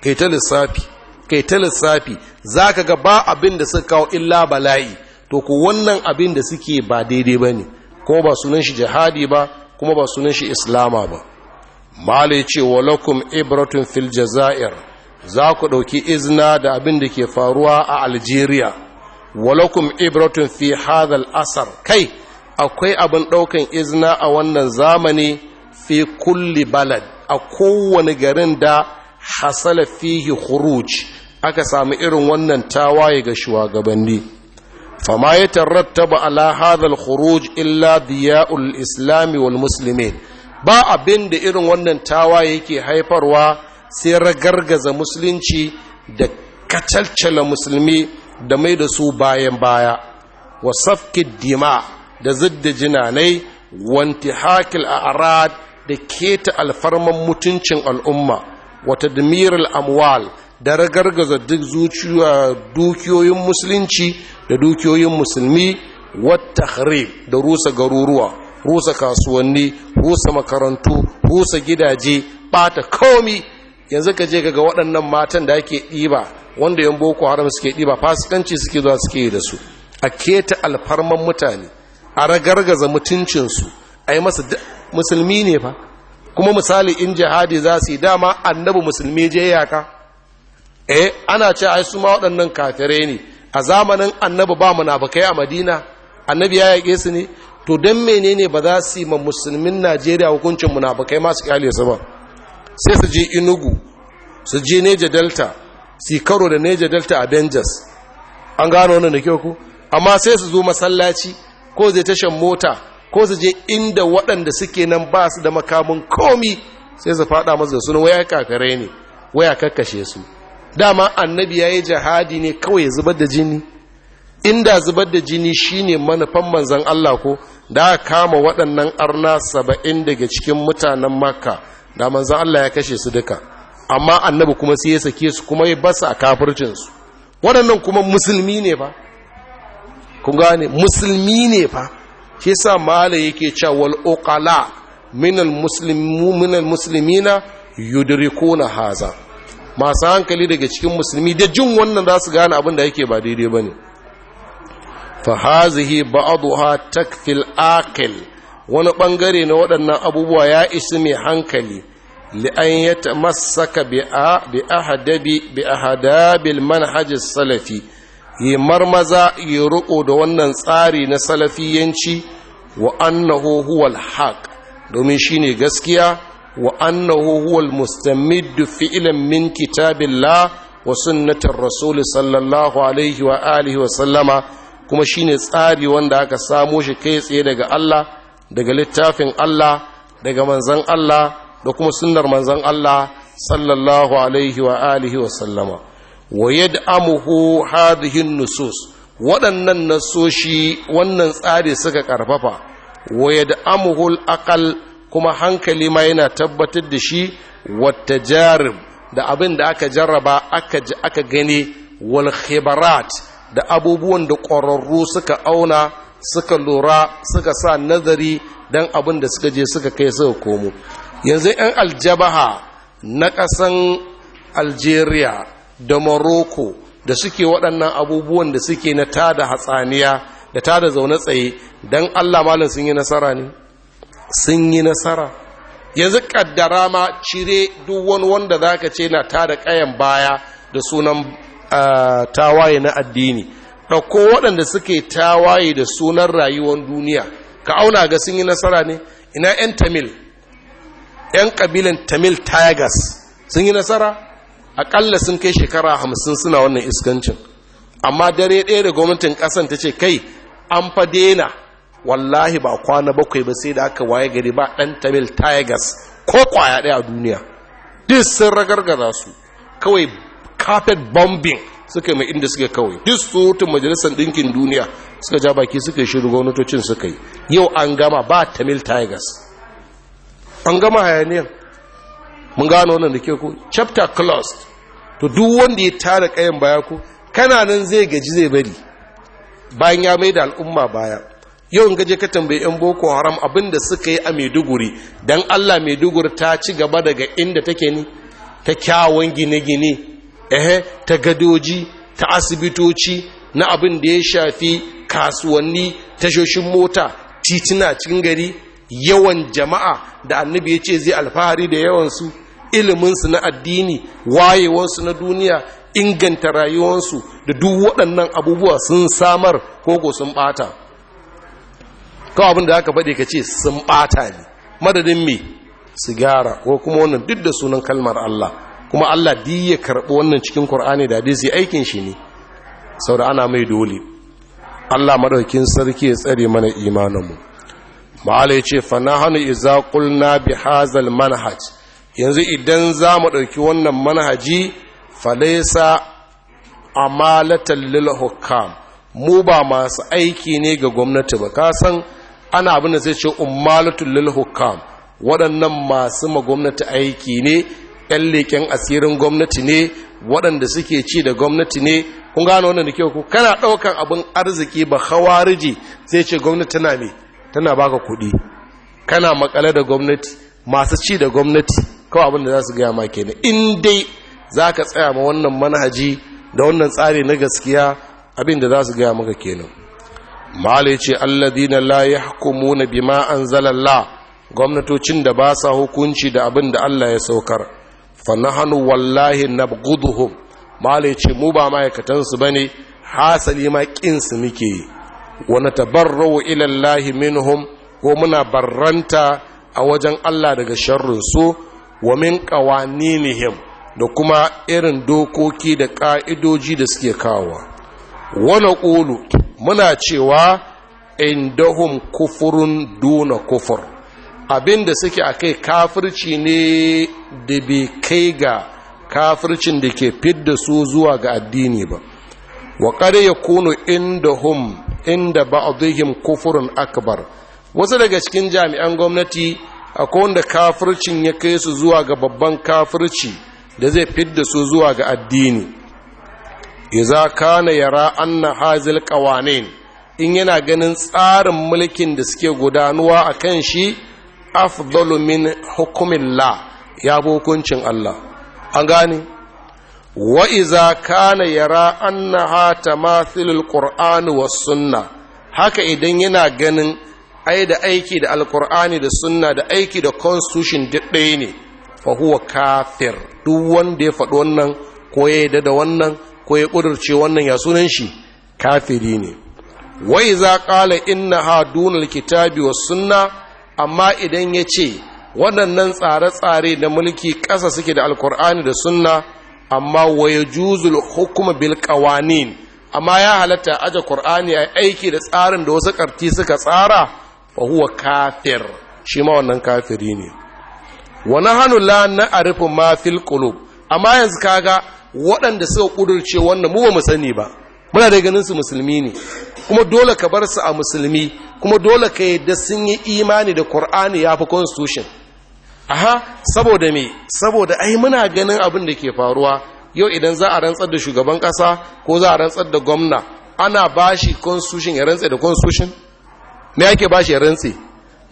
kai ta lissafi kai ta lissafi za ka ga ba abin da suka kawo illa bala'i to ku wannan abin da suke ba daidai ba ne kuma ba sunan shi jihadi ba kuma ba sunan shi islama ba mala ya ce walakum ibratun fil jazair za ku ɗauki izina da abin da ke faruwa a algeria walakum ibratun fi hadal asar kai akwai abin ɗaukan izina a wannan zamani fi kulli balad a kowane garin da hasala fihi huruj aka sami irin wannan tawaye ga shugabanni fama ya tarattaba ala hadhal khuruj illa diya'ul islami wal muslimin ba abin da irin wannan tawaye yake haifarwa sai ragargaza musulunci da kacalcala musulmi da mai da su bayan baya wa safkid dima' da zidda jinanai wanti hakil arad da keta alfarman mutuncin al'umma wata damiril amwal da ragargaza duk zuciya dukiyoyin musulunci da dukiyoyin musulmi wata da rusa garuruwa rusa kasuwanni rusa makarantu rusa gidaje bata komi yanzu ka je ga waɗannan matan da ake ɗiba wanda yan boko haram suke ɗiba fasikanci suke zuwa suke yi da su a keta alfarman mutane a ragargaza mutuncinsu a yi masa musulmi ne fa kuma misali in jihadi za su yi dama annabi musulmi je yaka eh ana ce ai su ma waɗannan kafirai ne a zamanin annabi ba munafikai a madina annabi ya yaƙe su ne to don menene ba za su yi ma musulmin najeriya hukuncin munafikai masu kyale su ba sai su je inugu su je neja delta su karo da neja delta a avengers an gano wani da kyau ku amma sai su zo masallaci ko zai tashan mota ko su je inda waɗanda suke nan ba su da makamin komi sai su faɗa masu da suna waya kakare ne waya kakkashe su dama annabi ya yi jihadi ne kawai zubar da jini inda zubar da jini shine manufan manzan Allah ko da kama waɗannan arna saba'in daga cikin mutanen makka da manzan Allah ya kashe su duka amma annabi kuma sai ya sake su kuma ya basa a kafircinsu waɗannan kuma musulmi ne ba kun gane musulmi ne fa shi sa mala yake cewa wal uqala minal muslimu minal muslimina yudrikuna haza masu hankali daga cikin musulmi da jin wannan za su gane abin da yake ba daidai bane fa hazihi ba'daha takfil aqil wani bangare na waɗannan abubuwa ya isa mai hankali li'an ya tamassaka bi ahadabi bi ahadabil manhajis salafi yi marmaza yi riƙo da wannan tsari na salafiyanci wa annahu huwal haq domin shine gaskiya wa annahu huwal mustamiddu fi'lan min kitabillah wa sunnatir rasul sallallahu alaihi wa alihi wa sallama kuma shine tsari wanda aka samo shi kai tsaye daga Allah daga littafin Allah daga manzon Allah da kuma sunnar manzon Allah sallallahu alaihi wa alihi wa sallama wa yad'amuhu amuhu nusus waɗannan nasoshi wannan tsari suka ƙarfafa wa da amuhu aƙal kuma hankali ma yana tabbatar da shi wata jarim da abin da aka jarraba aka gani wal khibarat da abubuwan da ƙwararru suka auna suka lura suka sa nazari don abin da suka je suka kai suka komo yanzu 'yan aljabaha na ƙasan algeria da morocco da suke waɗannan abubuwan da suke na ta da hatsaniya da ta da zaune tsaye don allah malam sun yi nasara ne sun yi nasara yanzu kaddara ma cire duk wani wanda za ka ce na ta da ƙayan baya da sunan tawaye na addini ɗauko waɗanda suke tawaye da sunan rayuwar duniya ka auna ga sun yi nasara ne ina 'yan tamil 'yan ƙabilan tamil tigers sun yi nasara Akalla sun kai shekara hamsin suna wannan iskancin amma dare ɗaya da gwamnatin ƙasan ta ce kai an fa daina wallahi ba kwana bakwai ba sai da aka waye gari ba ɗan tamil tigers ko kwaya ɗaya a duniya duk sun ragargaza su kawai carpet bombing suka mai inda suka kawai duk surutun majalisar ɗinkin duniya suka ja baki suka yi shiru gwamnatocin suka yi yau an gama ba tamil tigers an gama hayaniyar mun gano wannan da ke ku chapter closed to duk wanda ya tara kayan baya ku kana nan zai gaji zai bari bayan ya mai da al'umma baya yau in gaje ka tambayi yan boko haram abin da suka yi a maiduguri dan allah maiduguri ta ci gaba daga inda take ni ta kyawun gine-gine ehe ta gadoji ta asibitoci na abin da ya shafi kasuwanni tashoshin mota titina cikin gari yawan jama'a da annabi ya ce zai alfahari da yawan su iliminsu na addini wayewarsu na duniya inganta rayuwarsu da duk waɗannan abubuwa sun samar koko sun ɓata kawo abin da aka faɗi ka ce sun ɓata ne madadin me sigara ko kuma wannan duk da sunan kalmar Allah kuma Allah di ya karɓi wannan cikin Kur'ani da hadisi aikin shi ne sau da ana mai dole Allah maɗaukin sarki ya tsare mana imaninmu ma'ala ya ce fa na hannu iza kulna bi hazal manhaj yanzu idan za mu ɗauki wannan manhaji falesa amalatan lil hukam mu ba masu aiki ne ga gwamnati ba ka san ana abin da zai ce ummalatul lil hukam waɗannan masu ma gwamnati aiki ne ɗan leƙen asirin gwamnati ne waɗanda suke ci da gwamnati ne kun gano wannan da kyau kana ɗaukan abin arziki ba hawariji sai ce gwamnati tana me tana baka kuɗi kana makale da gwamnati masu ci da gwamnati kawai abin za su gaya ma kenan in dai za ka tsaya ma wannan manhaji da wannan tsari na gaskiya abinda da za su gaya maka kenan malai ce alladina la yahkumuna bima zalalla gwamnatocin da ba sa hukunci da abin da Allah ya saukar fa hannu wallahi na guduhu malai ce mu ba ma'aikatansu su bane hasali ma kin muke wa wani ila ilallahi minhum ko muna barranta a wajen Allah daga sharrin su wa min qawaninihim da kuma irin dokoki da ka'idoji da suke kawo. Wani ƙulu muna cewa indahum kufurun duna kufur abinda suke a kai kafirci ne da bai kai ga kafircin da ke fidda su zuwa ga addini ba wa ƙare ya kunu indahum inda kufurin kufurun akbar wasu daga cikin jami'an gwamnati akwai wanda kafircin ya kai su zuwa ga babban kafirci da zai fidda su zuwa ga addini iza kana yara anna hazil qawanin in yana ganin tsarin mulkin da suke gudanuwa a kan shi afdalu min hukumillah ya hukuncin Allah an gane wa iza kana yara annaha tamathilul qur'ani was sunna haka idan yana ganin ai da aiki da alkur'ani da sunna da aiki da constitution duk ɗaya ne fa huwa kafir duk wanda ya faɗi wannan ko ya yarda da wannan ko ya ƙudurce wannan ya sunan shi kafiri ne wai za ƙala inna ha dunal kitabi wa sunna amma idan ya ce waɗannan tsare-tsare da mulki ƙasa suke da alkur'ani da sunna amma waya juzul hukuma bil qawanin amma ya halatta aje qur'ani ai aiki da tsarin da wasu karti suka tsara fa kafir shi ma wannan kafiri ne wa nahnu la na'rifu ma fil qulub amma yanzu kaga waɗanda suka ƙudurce wannan mu ba mu sani ba muna da ganin su musulmi ne kuma dole ka bar su a musulmi kuma dole ka yadda sun yi imani da Qur'ani ya fi constitution aha saboda me saboda ai muna ganin abin da ke faruwa yau idan za a rantsar da shugaban ƙasa ko za a rantsar da gwamna ana bashi constitution ya rantsa da constitution me yake ba shi rantsi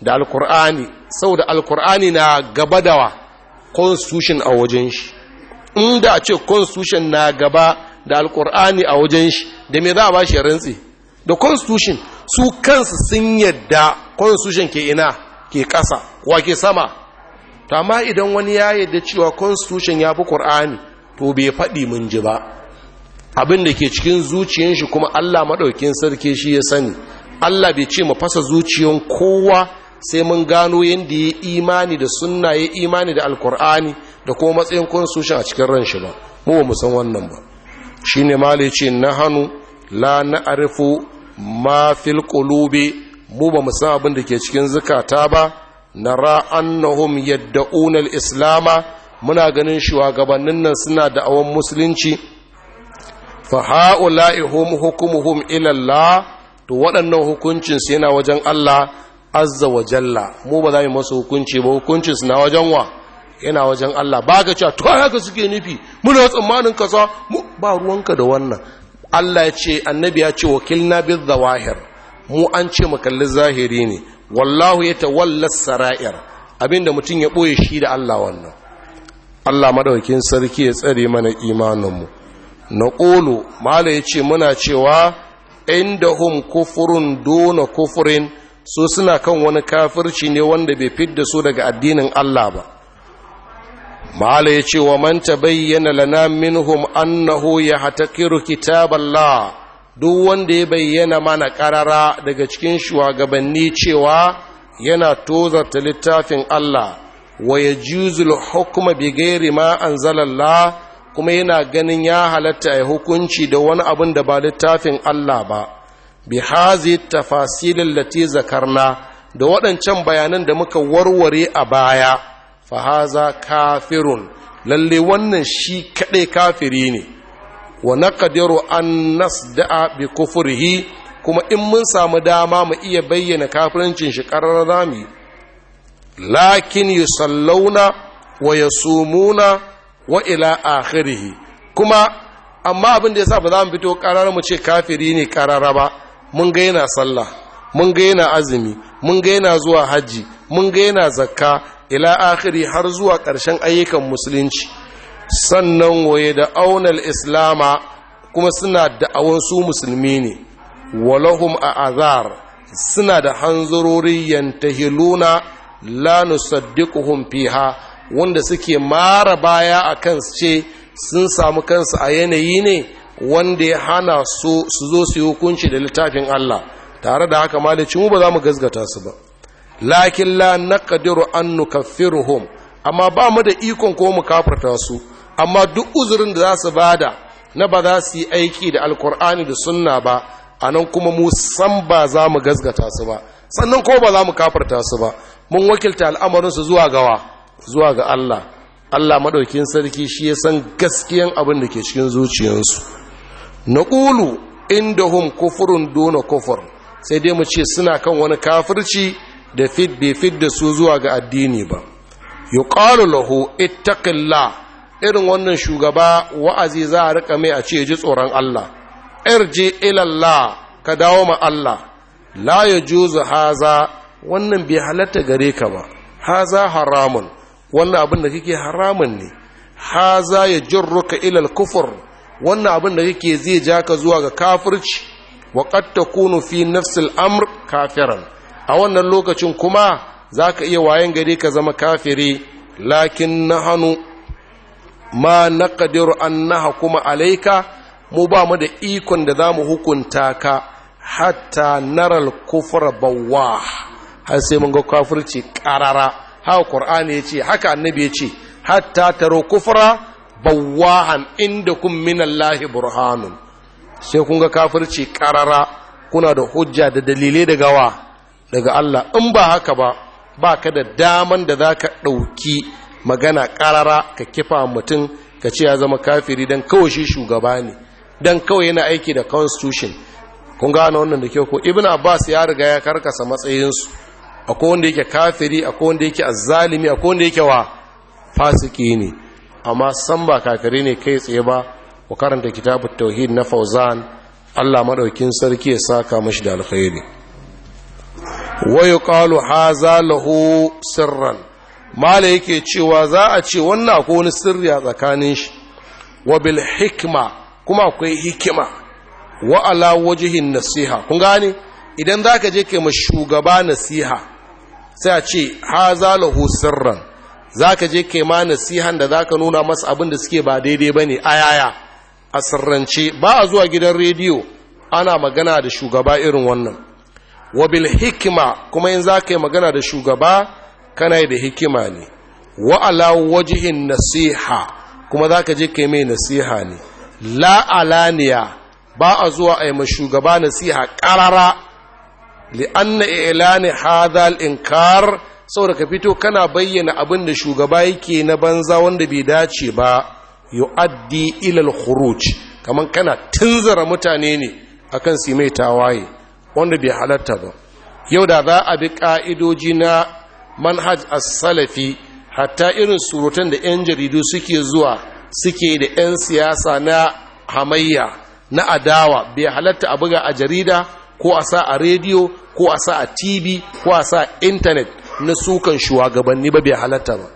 da alkur'ani saboda alkur'ani na gaba dawa constitution a wajen shi inda a ce constitution na gaba da alkur'ani a wajen shi da me za a ba shi rantsi da constitution su kansu sun yadda constitution ke ina ke ƙasa wa ke sama to amma idan wani ya yadda cewa constitution ya fi qur'ani to bai faɗi mun ji ba abin da ke cikin zuciyar shi kuma Allah maɗaukin sarki shi ya sani Allah bai ce mu fasa zuciyan kowa sai mun gano yadda ya imani da sunna ya imani da alkur'ani da kuma matsayin constitution a cikin ran shi ba mu ba mu san wannan ba Shi ne mali ce na hannu la na arifu ma fil kulube mu ba mu san abin da ke cikin zukata ba nara annahum yad'un islama muna ganin shugabannin nan suna da awon musulunci fa ha'ula'i hukumuhum ila Allah to waɗannan hukuncinsu yana wajen Allah azza wa jalla mu ba za mu masa hukunci ba hukuncinsu na wajen wa yana wajen Allah ba ka cewa to haka suke nufi muna tsammanin kasa mu ba ruwanka da wannan Allah ya ce annabi ya ce wakilna bil zawahir mu an ce mu kalli zahiri ne wallahu ya tawalla sara'ir abinda mutum ya boye shi da Allah wannan Allah madaukin sarki ya tsare mana imanin mu na qulu mala yace muna cewa indahum kufurun duna kufurin su suna kan wani kafirci ne wanda bai fidda su daga addinin Allah ba mala ya ce wa man tabayyana lana minhum annahu yahtakiru kitaballah duk wanda ya bayyana mana karara daga cikin shugabanni cewa yana tozarta littafin Allah wa yajuzul hukma bighairi an ma anzalallah kuma yana ganin ya halatta ya hukunci da wani abin da ba littafin Allah ba bi hazi tafasilin lati zakarna da waɗancan bayanan da muka warware a baya fahaza kafirun lalle wannan shi kaɗai kafiri ne wa naqdiru an nasda'a bi kufrihi kuma in mun samu dama mu iya bayyana kafirancin shi ƙararra zamu lakin sallauna wa yasumuna wa ila akhirih kuma amma abin da yasa ba za mu fito karar mu ce kafiri ne karara ba mun ga yana sallah mun ga yana azumi mun ga yana zuwa haji mun ga yana zakka ila akhiri har zuwa ƙarshen ayyukan musulunci sannan waye da aunar islama kuma suna da su musulmi ne walahum a azar suna da hanzurori yantahiluna la nusaddiquhum fiha wanda suke mara baya a kansu ce sun samu kansu a yanayi ne wanda ya hana su zo su yi hukunci da littafin Allah tare da haka malici mu ba za mu gazgata su ba lakin la kadiru an nukaffiruhum amma ba mu da ikon ko mu kafarta su amma duk uzurin da za su bada na ba za su yi aiki da alkur'ani da sunna ba a nan kuma mu san ba za mu gazgata su ba sannan ko ba za mu kafarta su ba mun wakilta su zuwa gawa zuwa ga Allah Allah maɗaukin sarki shi ya san gaskiyan abin da ke cikin zuciyarsu na ƙulu inda hum kufurin dona kufur sai dai mu ce suna kan wani kafirci da fit bai fit da su zuwa ga addini ba yi ƙalu lahu ittaƙilla irin wannan shugaba wa'azi za a riƙa mai a ce ji tsoron Allah je ilallah ka dawo ma Allah la ya juzu haza wannan bai halatta gare ka ba haza haramun wannan abin da kake haramun ne ha za ya jirruka ilal kufur wannan abin da kake zai ja ka zuwa ga kafirci wa qad takunu fi nafsil amr kafiran a wannan lokacin kuma zaka iya wayan gari ka zama kafiri lakin hannu ma naqdiru an kuma alaika mu ba mu da ikon da zamu hukunta ka hatta naral kufra bawah har sai mun ga kafirci ƙarara. haka qur'ani ce, haka annabi ya ce, hatta taro kufra bawahan indakum minallahi burhanun sai kun ga kafirci karara kuna da hujja da dalilai daga wa daga Allah in ba haka ba ba ka da daman da za ka ɗauki magana karara ka kifa mutum ka ce ya zama kafiri don kawai shi shugaba ne don kawai yana aiki da constitution kun gane wannan da kyau ko ibnu abbas ya riga ya karkasa matsayinsu akwai wanda yake kafiri akwai wanda yake azzalimi akwai wanda yake wa fasiki ne amma san ba kafiri ne kai tsaye ba wa karanta kitabut tauhid na fauzan Allah madaukin sarki ya saka mashi da alkhairi wa yuqalu haza lahu sirran mala yake cewa za a ce wannan akwai wani sirri a tsakanin shi wa bil hikma kuma akwai hikima wa ala wajhin nasiha kun gane idan zaka je kai ma shugaba nasiha sai a ce haza lahu sirran ka je kaima nasihan da za ka nuna masa abin da suke ba daidai ba ne a yaya a sirrance ba a zuwa gidan rediyo ana magana da shugaba irin wannan wabil hikima kuma in za yi magana da shugaba kana yi da hikima ne wa ala wajihin nasiha kuma za ka je kai mai nasiha ne la alaniya ba a zuwa a yi ma shugaba nasiha ƙarara li'anna ilani hadhal inkar saboda ka fito kana bayyana abin da shugaba yake na banza wanda bai dace ba yu'addi ila al-khuruj kaman kana tunzara mutane ne akan su mai tawaye wanda bai halatta ba yau da za a bi ka'idoji na manhaj as-salafi hatta irin surutan da 'yan jaridu suke zuwa suke da 'yan siyasa na hamayya na adawa bai halatta a buga a jarida ko a sa a rediyo ko a sa a tv ko a sa intanet na sukan shugabanni ba bai halatta ba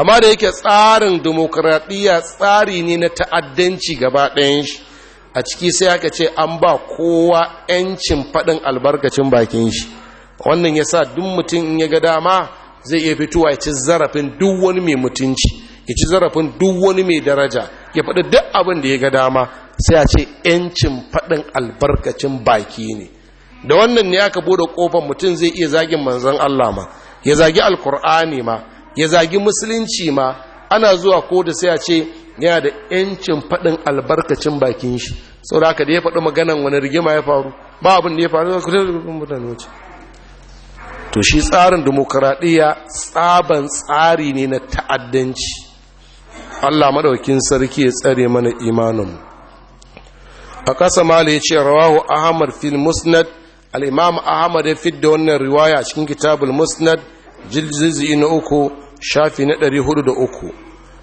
amma da yake tsarin demokradiyya tsari ne na ta'addanci gaba ɗayan shi a ciki sai aka ce an ba kowa 'yancin faɗin albarkacin bakin shi wannan ya sa duk mutum in ya ga dama zai iya fito ya ci zarafin duk wani mai mutunci ya ci zarafin duk wani mai daraja ya faɗi duk abin da ya ga dama sai a ce ‘yancin faɗin albarkacin baki ne da wannan ne aka bude ƙofar mutum zai iya zagin manzan Allah ma ya zagi alkur'ani ma ya zagi musulunci ma ana zuwa ko da sai a ce yana da ‘yancin faɗin albarkacin bakin shi sau da aka da ya faɗi maganan wani rigima ya faru ba abin da ya faru da kudin rufin mutane wace to shi tsarin demokuraɗiyya tsaban tsari ne na ta'addanci allah maɗaukin sarki ya tsare mana imaninmu a ƙasa mala ya ce rawahu ahmad fil musnad al-imam ahmad ya fidda wannan riwaya a cikin kitabul musnad jilzizi na uku shafi na ɗari hudu da uku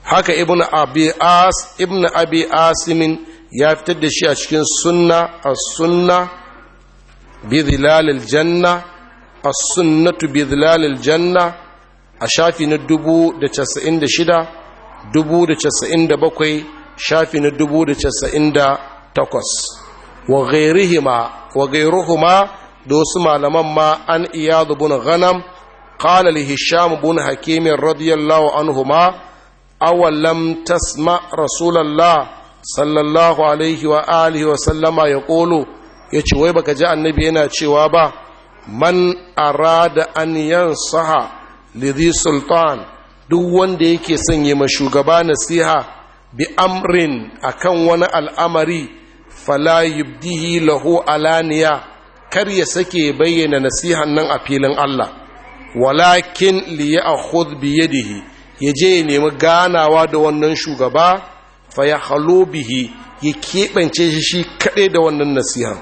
haka ibn abi as ibn abi asimin ya fitar da shi a cikin sunna a sunna bi al janna as sunnatu bi al janna a shafi na dubu da casa'in da shida dubu da casa'in da bakwai shafi na dubu da casa'in da takwas wa ghairihima wa ghairuhuma da wasu malaman ma an iyadu bin ghanam qala li hisham bin hakim radiyallahu anhuma aw lam tasma rasulullah sallallahu alaihi wa alihi wa sallama yaqulu yace wai baka ji annabi yana cewa ba man arada an yansaha lidhi sultan duk wanda yake sanya ma shugaba nasiha bi amrin akan wani al'amari fala yubdihi lahu alaniya kar ya sake bayyana nasihan nan a filin Allah walakin li ya'khudh bi yadihi ya je ya nemi ganawa da wannan shugaba fa ya halo bihi ya keɓance shi shi kaɗai da wannan nasihan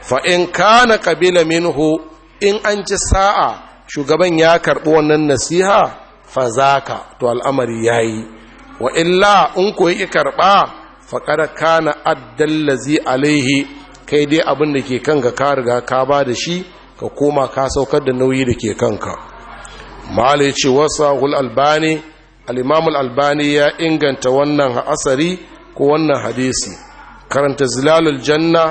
fa in kana kabila minhu in an ci sa'a shugaban ya karɓi wannan nasiha fa zaka to al'amari yayi wa illa in ko yake karɓa faƙada kana addallazi alaihi kai dai abin da ke kanka ka riga ka ba da shi ka koma ka saukar da nauyi da ke kanka malai ce wasa albani al'imamul albani ya inganta wannan asari ko wannan hadisi karanta zilalul janna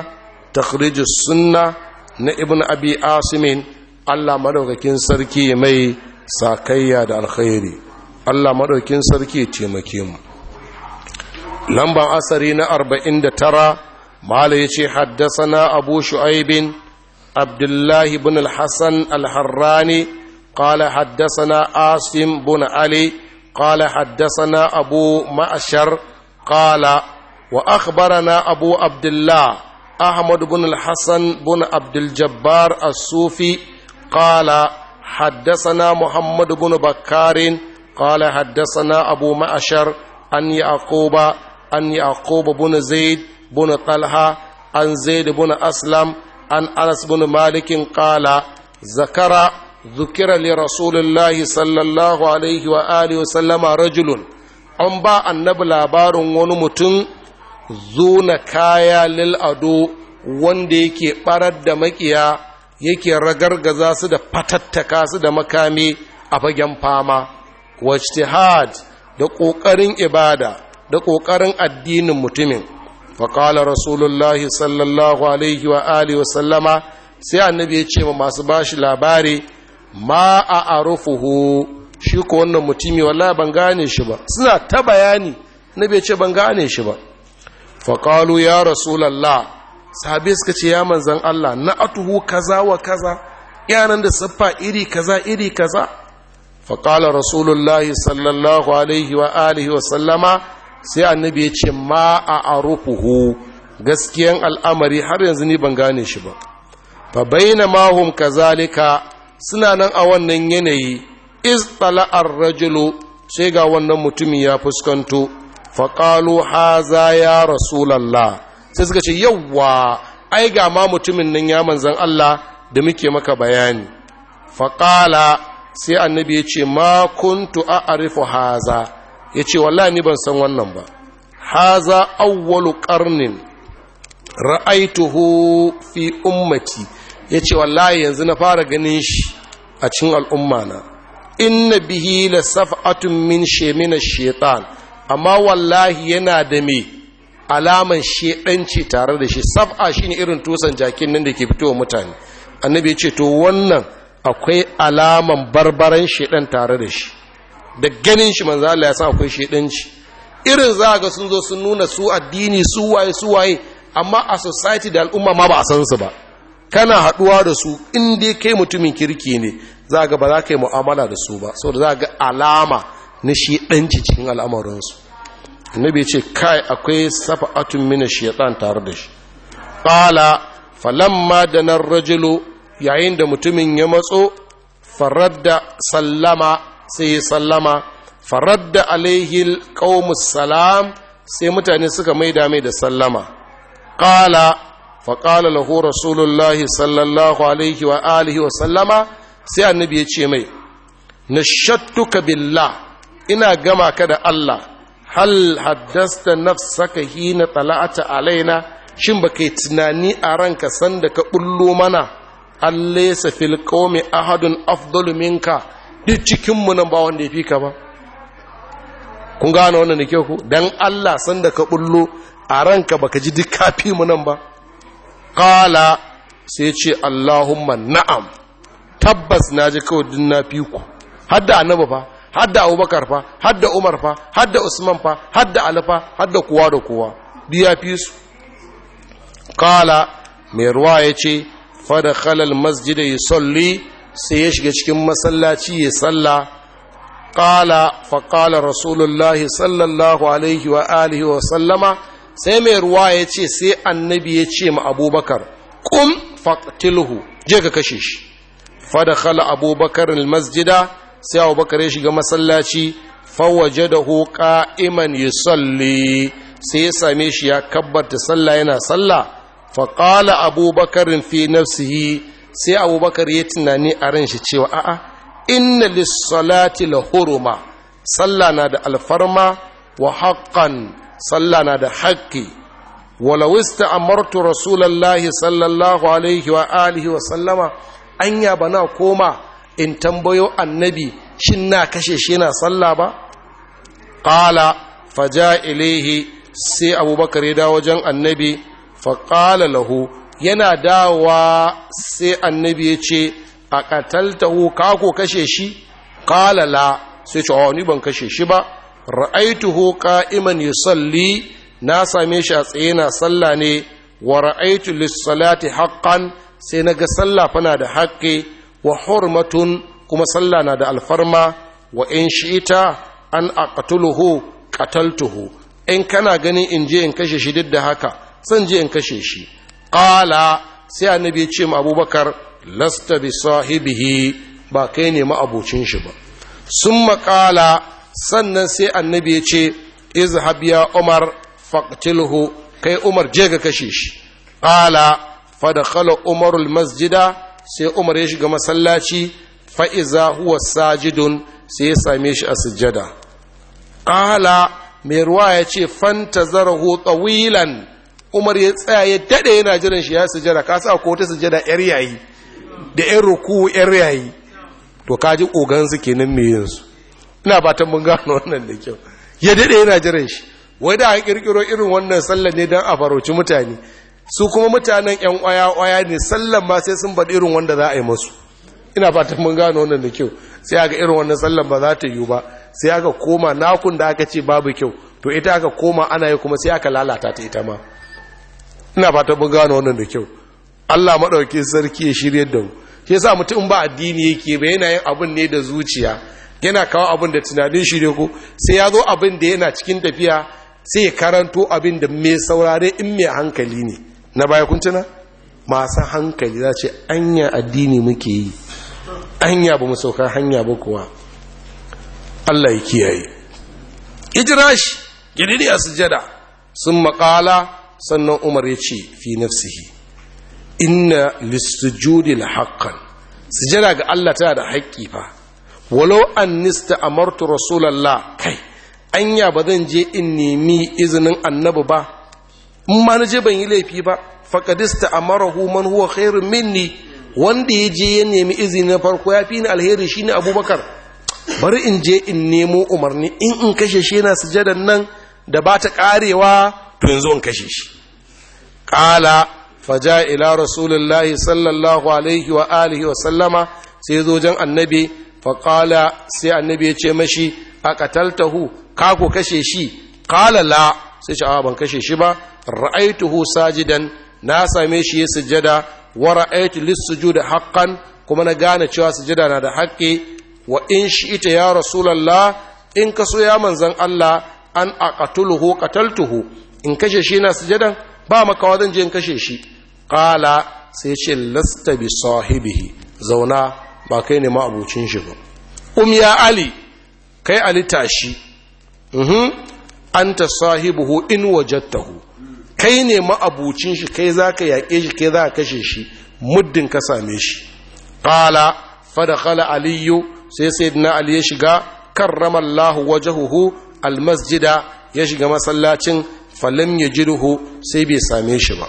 takhrijus sunna na ibn abi asimin allah maɗaukakin sarki mai sakayya da alkhairi allah Maɗaukin sarki taimake mu lamban asari na arba'in da tara, mala ya ce haddasana abu shu'aibin abdullahi bin al-hassan al-harrani qala asim bin ali haddasa na abu ma'ashar qala wa na abu abdullah ahmad bin al-hassan bin abdul jabbar as-sufi qala حدثنا محمد بن بكار قال حدثنا أبو معشر عن يعقوب an yaqub ibn zaid ibn talha an zaid ibn aslam an anas ibn malik qala zakara dhukira li rasulillahi sallallahu alaihi wa alihi wa sallama rajulun an ba annabi labarin wani mutum zuna kaya lil ado wanda yake barar da makiya yake ragargaza su da fatattaka su da makami a fagen fama wajtihad da ƙoƙarin ibada da ƙoƙarin addinin mutumin faƙala rasulullahi sallallahu alaihi wa alihi wasallama sai annabi ya ce ma masu ba shi labari ma a arufuhu shi ko wannan mutumi wallahi ban gane shi ba suna ta bayani annabi ya ce ban gane shi ba faƙalu ya rasulallah sahabi suka ce ya manzan Allah na atuhu kaza wa kaza yanan da siffa iri kaza iri kaza faƙala rasulullahi sallallahu alaihi wa alihi wa sai annabi ya ce ma a arufuhu gaskiyan al'amari har yanzu ni ban gane shi ba fa baina mahum kazalika suna nan a wannan yanayi iz ar rajulu sai ga wannan mutumin ya fuskanto qalu haza ya rasulullah sai suka ce yawwa ai ga ma mutumin nan ya manzan Allah da muke maka bayani faƙala sai annabi ya ce ma kuntu a arifu haza ya ce wallahi ni ban san wannan ba haza awwalu karnin ra'aituhu fi ummati ya ce wallahi yanzu na fara ganin shi a cikin al'umma na inna bihi la saf'atun min shemina shaitan amma wallahi yana da me alaman shedanci tare da shi saf'a shine irin tusan jakin nan da ke fitowa mutane annabi ya ce to wannan akwai alaman barbaran shedan tare da shi da ganin shi manzo Allah ya sa akwai shedanci irin za ga sun zo sun nuna su addini su waye su waye amma a society da al'umma ma ba a san su ba kana haduwa da su in dai kai mutumin kirki ne za ga ba za ka yi mu'amala da su ba saboda za ga alama na shedanci cikin su annabi ce kai akwai safa'atun mina shaytan tare da shi qala falamma dana rajulu yayin da mutumin ya matso faradda sallama sai ya sallama faradda alaihil ƙaumus salam sai mutane suka maida mai da sallama ƙala faƙala lahu rasulullahi sallallahu alaihi wa alihi wa sallama sai annabi ya ce mai shattuka billah ina gama ka da Allah hal haddasta nafsaka hina tala'ata alaina shin baka yi tunani a ranka sanda ka ɓullo mana allesa filƙomi qaumi ahadun afdalu minka duk cikinmu nan ba wanda ya fi ka ba kun gane wannan da kyau ku Dan allah san da ka bullo a ranka baka ji duk kafi mu nan ba qala sai ce allahumma na'am tabbas na ji kawai duk na fi ku hadda annabi fa hadda abubakar fa hadda umar fa hadda usman fa hadda ali fa hadda kowa da kowa bi ya fi su kala mai ruwa ya ce fada khalal masjida yi salli sai ya shiga cikin masallaci ya salla qala fa qala rasulullahi sallallahu alaihi wa alihi wa sallama sai mai ruwa ya ce sai annabi ya ce ma abubakar kum faqtilhu je ka kashe shi fa dakhala abubakar almasjida sai abubakar ya shiga masallaci fawajadahu qa'iman yusalli sai ya same shi ya kabbarta sallah yana sallah fa qala abubakar fi nafsihi sai abubakar ya tunani a ran shi cewa a'a inna lissalati la huruma sallah na da alfarma wa haqqan sallah na da haƙƙi walau amartu rasulullahi sallallahu alaihi wa alihi wa sallama anya bana koma in tambayo annabi shin na kashe shi na sallah ba qala faja ilaihi sai abubakar ya dawo wajen annabi fa faƙala lahu yana dawa sai annabi ya ce a ƙataltahu kako kashe shi kalala sai ce wani oh, ban kashe shi ba ra'aituhu ya salli na same shi a tsaye na sallah ne wa ra'aitu lissalati haƙƙan sai sai ga sallah fana da haƙƙi wa hurmatun kuma sallah na da alfarma wa in ita an aqtuluhu qataltuhu in kana ganin in je in kashe shi duk da haka san je in kashe shi ƙala sai annabi ya ce ma abubakar lasta bi sahibihi ba kai ne ma'abocin shi ba sun maƙala sannan sai annabi ya ce izhab ya umar faqtilhu kai umar je ga kashe shi ƙala fadakhala umarul masjida sai umar ya shiga masallaci fa'iza huwa sajidun sai ya same shi a sujada. ƙala mai ruwa ya ce fanta zarahu tsawilan umar ya tsaya ya daɗe yana jiran shi ya sujada ka sa ko ta sujada yar yayi da yan ruku yar yayi to ka ji su kenan me yanzu ina ta mun gano wannan da kyau ya daɗe yana jiran shi wai da a kirkiro irin wannan sallar ne don a faroci mutane su kuma mutanen yan ƙwaya-ƙwaya ne sallar ba sai sun faɗi irin wanda za a yi masu ina ta mun gano wannan da kyau sai aka irin wannan sallar ba za ta yiwu ba sai aka koma nakun da aka ce babu kyau to ita aka koma ana yi kuma sai aka lalata ta ita ma ina fata mun gano wannan da kyau Allah madaukakin sarki ya shiryar da mu ke yasa mutum ba addini yake ba yana yin abin ne da zuciya yana kawo abin da tunanin shi ne ko sai ya zo abin da yana cikin tafiya sai ya karanto abin da mai saurare in mai hankali ne na baya kun tuna masu hankali za ce anya addini muke yi anya ba mu sauka hanya ba kuwa Allah ya kiyaye ijira shi sujada sun maƙala sannan umar ya ce fi nafsihi inna lissujudi la haqqan sujada ga Allah tana da haƙƙi fa walau an nista amartu rasulallah kai anya ba zan je in nemi izinin annabi ba in ma na je ban yi laifi ba faqadista amarahu man huwa khairu minni wanda ya je ya nemi izini na farko ya fi ni alheri shine abubakar bari in je in nemo umarni in in kashe shi na sujadan nan da ba ta karewa to yanzu in kashe shi ƙala faja ila rasulullahi sallallahu alaihi wa alihi wa sallama sai zo jan annabi faƙala sai annabi ya ce mashi a kataltahu ka ku kashe shi ƙala la sai ce ban kashe shi ba ra'aituhu sajidan na same shi ya sujada wa ra'aitu lis-sujudi haqqan kuma na gane cewa sujada na da haƙƙi wa in shi ita ya rasulullah in ka so ya manzon Allah an aqatuluhu qataltuhu in kashe shi yana sujadan ba makawa zan je in kashe shi qala sai ce lasta bi sahibihi zauna ba kai ne ma shi ba um ya ali kai ali tashi mhm anta sahibuhu in wajadtahu kai ne ma'abucin shi kai za ka yaƙe shi kai za ka kashe shi muddin ka same shi ƙala fadakala aliyu sai sai na ali ya shiga karramallahu wajahuhu almasjida ya shiga masallacin falam yajidhu sai bai same shi ba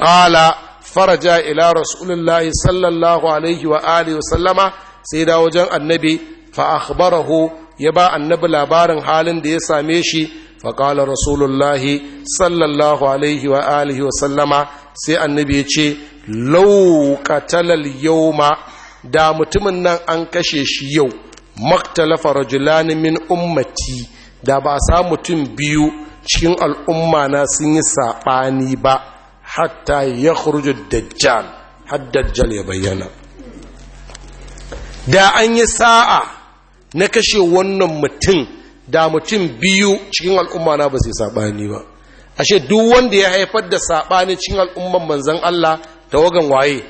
ƙala faraja ila rasulillahi sallallahu alaihi wa alihi wa sallama sai da wajen annabi fa akhbarahu ya ba annabi labarin halin da ya same shi fa qala rasulullahi sallallahu alaihi wa alihi wa sallama sai annabi ya ce law qatalal yawma da mutumin nan an kashe shi yau maktalafa rajulani min ummati da ba sa mutum biyu cikin al'umma na sun yi saɓani ba hatta ya kurju dajjal har ya bayyana da an yi sa'a na kashe wannan mutum da mutum biyu cikin al'umma na ba yi saɓani ba ashe duk wanda ya haifar da saɓani cikin al'umman manzan Allah tawagan waye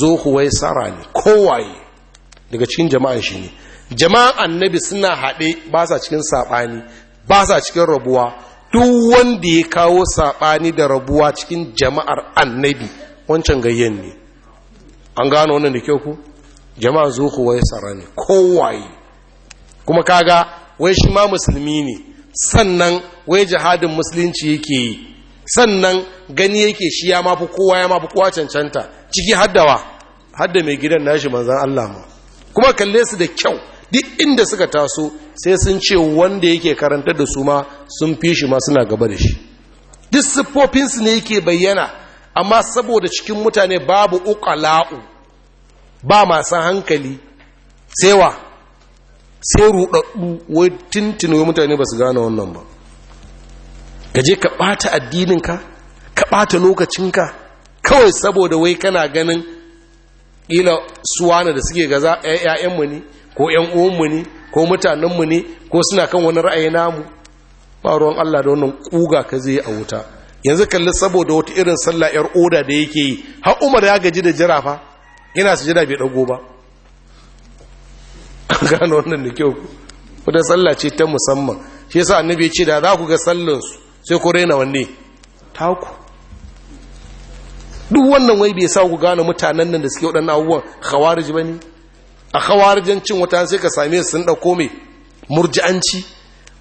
zo kuwai tsara ne kowaye daga cikin jama'a shi ne jama'an annabi suna haɗe ba sa cikin saɓani ba sa cikin rabuwa duk wanda ya kawo saɓani da rabuwa cikin jama'ar annabi wancan gayyen ne an gano wannan da kyau ku jama'a zo wai tsara ne kowaye kuma kaga wai shi ma musulmi ne sannan wai jihadin musulunci yake yi sannan gani yake shi ya mafi kowa ya mafi kowa cancanta ciki haddawa hadda mai gidan nashi manzan Allah ma kuma kalle su da kyau duk inda suka taso sai sun ce wanda yake karanta da su ma sun fi shi ma suna gaba da shi duk siffofinsu ne yake bayyana amma saboda cikin mutane babu ukala'u ba masu hankali tsewa sai ruɗaɗɗu wai tintino mutane ba su gane wannan ba ka je ka ɓata addininka ka ɓata lokacinka kawai saboda wai kana ganin ƙila suwana da suke gaza ‘ya'yanmu ne ko ‘yan uwanmu ne ko mutanenmu ne ko suna kan wani ra'ayi namu ba ruwan Allah da wannan kuga ka zai a wuta yanzu kalli saboda wata irin sallah ‘yar oda da yake yi har umar ya gaji da jira fa yana su jira bai ɗago ba gano wannan da kyau wata sallah ce ta musamman shi yasa annabi ya ce da za ku ga sallansu sai ku raina wanne taku duk wannan wai bai sa ku gano mutanen nan da suke waɗannan abubuwan khawarij ba ne a khawarijancin wata sai ka same sun ɗauko mai murji'anci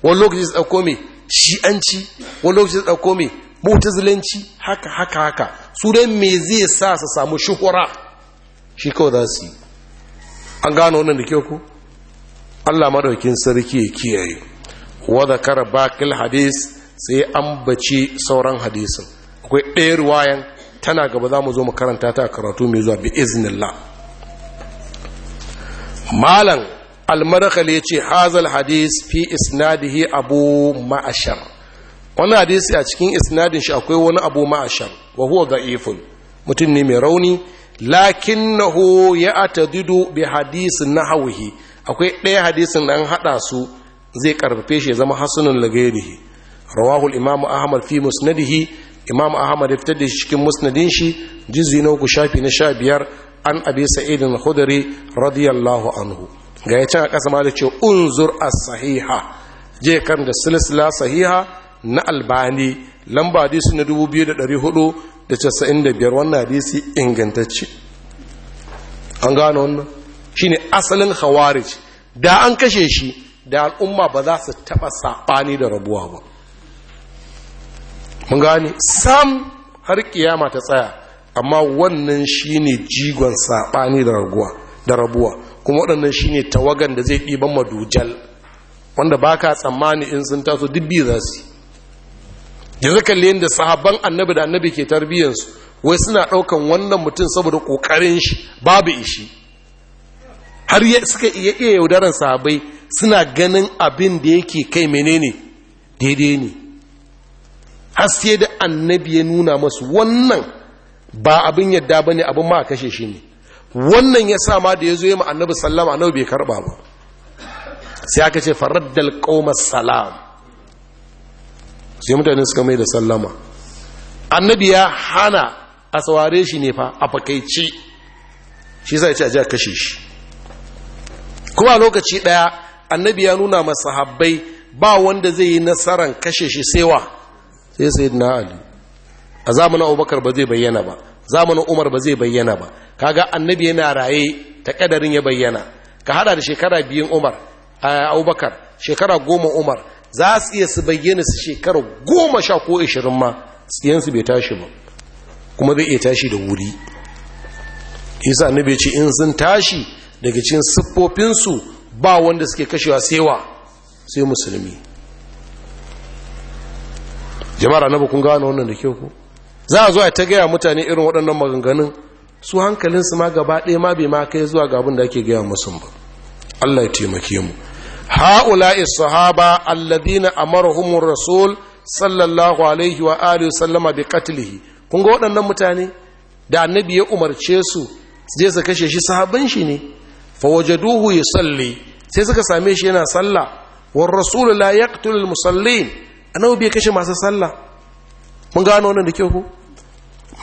wani lokaci su ɗauko mai shi'anci wani lokaci su ɗauko mai mutazilanci haka haka haka su dai me zai sa su samu shuhura shi kawai za su yi an gano wannan da kyau ku allah maɗaukin sarki ya kiyaye wadda kara bakil hadis sai an baci sauran hadisin akwai ɗaya ruwayan tana gaba za mu zo mu karanta ta a karatu mai zuwa bi iznillah malam almadakal ya ce hazal hadis fi isnadihi abu ma'ashar wani hadisi a cikin isnadin shi akwai wani abu ma'ashar wa huwa da'ifun mutum ne mai rauni lakinnahu ya atadidu bi na hauhi akwai ɗaya hadisin an haɗa su zai karfafe shi ya zama hasunan lagairihi rawahul imam ahmad fi musnadihi imam ahmad ya fitar da shi cikin musnadin shi juz'i na uku shafi na sha biyar an abi sa'idin hudari radiyallahu anhu ga ya can a ƙasa ma da ce unzur as-sahiha je kan da silsila sahiha na albani lamba hadisi na 2495 wannan hadisi ingantacce an gano wannan shine asalin khawarij da an kashe shi da al'umma ba za su taɓa saɓani da rabuwa ba mun gane sam har kiyama ta tsaya amma wannan shine jigon saɓani da rabuwa kuma waɗannan shine tawagan da zai ɗiban madujal wanda ba ka tsammani in sun taso dubbi za su yi. yanzu kalli yadda sahabban annabi da annabi ke tarbiyyansu wai suna ɗaukan wannan mutum saboda ƙoƙarin shi babu ishi har suka iya iya yaudaran sahabai suna ganin abin da yake kai menene daidai ne har sai da annabi ya nuna masu wannan ba abin yadda ba ne abin ma kashe shi ne wannan ya sa ma da ya zo yi ma annabi sallama annabi bai karba ba sai aka ce faraddal qauma salam sai mutane suka mai da sallama annabi ya hana a saware shi ne fa a fakaici shi sai ce a ji a kashe shi kuma lokaci ɗaya annabi ya nuna masahabbai ba wanda zai yi nasaran kashe shi sewa sai na ali a zamanin abubakar ba zai bayyana ba zamanin umar ba zai bayyana ba kaga annabi yana raye ta kadarin ya bayyana ka hada da shekara biyun umar a abubakar shekara goma umar za su iya su bayyana su shekara goma sha ko ishirin ma tsiyansu bai tashi ba kuma bai iya tashi da wuri isa annabi ya ce in sun tashi daga cikin siffofinsu ba wanda suke kashewa sewa sai musulmi jama'ar annabi kun gane wannan da kyau ku za a zo zuwa ta gaya mutane irin waɗannan maganganun su hankalinsu ma gaba ɗaya ma bai ma kai zuwa ga abin da ake gaya musu ba Allah ya taimake mu ha'ula'i sahaba alladhina amarhumur rasul sallallahu alaihi wa alihi sallama bi qatlihi kun ga waɗannan mutane da annabi ya umarce su je su kashe shi sahabban shi ne fa wajaduhu yusalli sai suka same shi yana sallah war rasul la yaqtul musallin annabi bai kashe masu sallah mun gano wannan da ke ku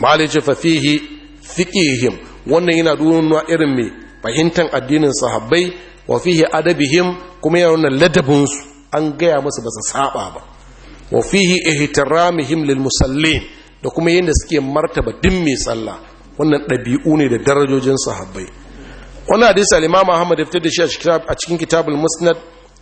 malice fafihi fiqihim wannan yana nuna irin mai fahimtar addinin sahabbai wa fihi adabihim kuma yana nuna ladabin su an gaya musu ba su saba ba wa fihi ihtiramihim lil musallin da kuma yadda suke martaba din mai sallah wannan ɗabi'u ne da darajojin sahabbai wannan hadisi al-imam Ahmad ya fitar da shi a cikin kitabul Musnad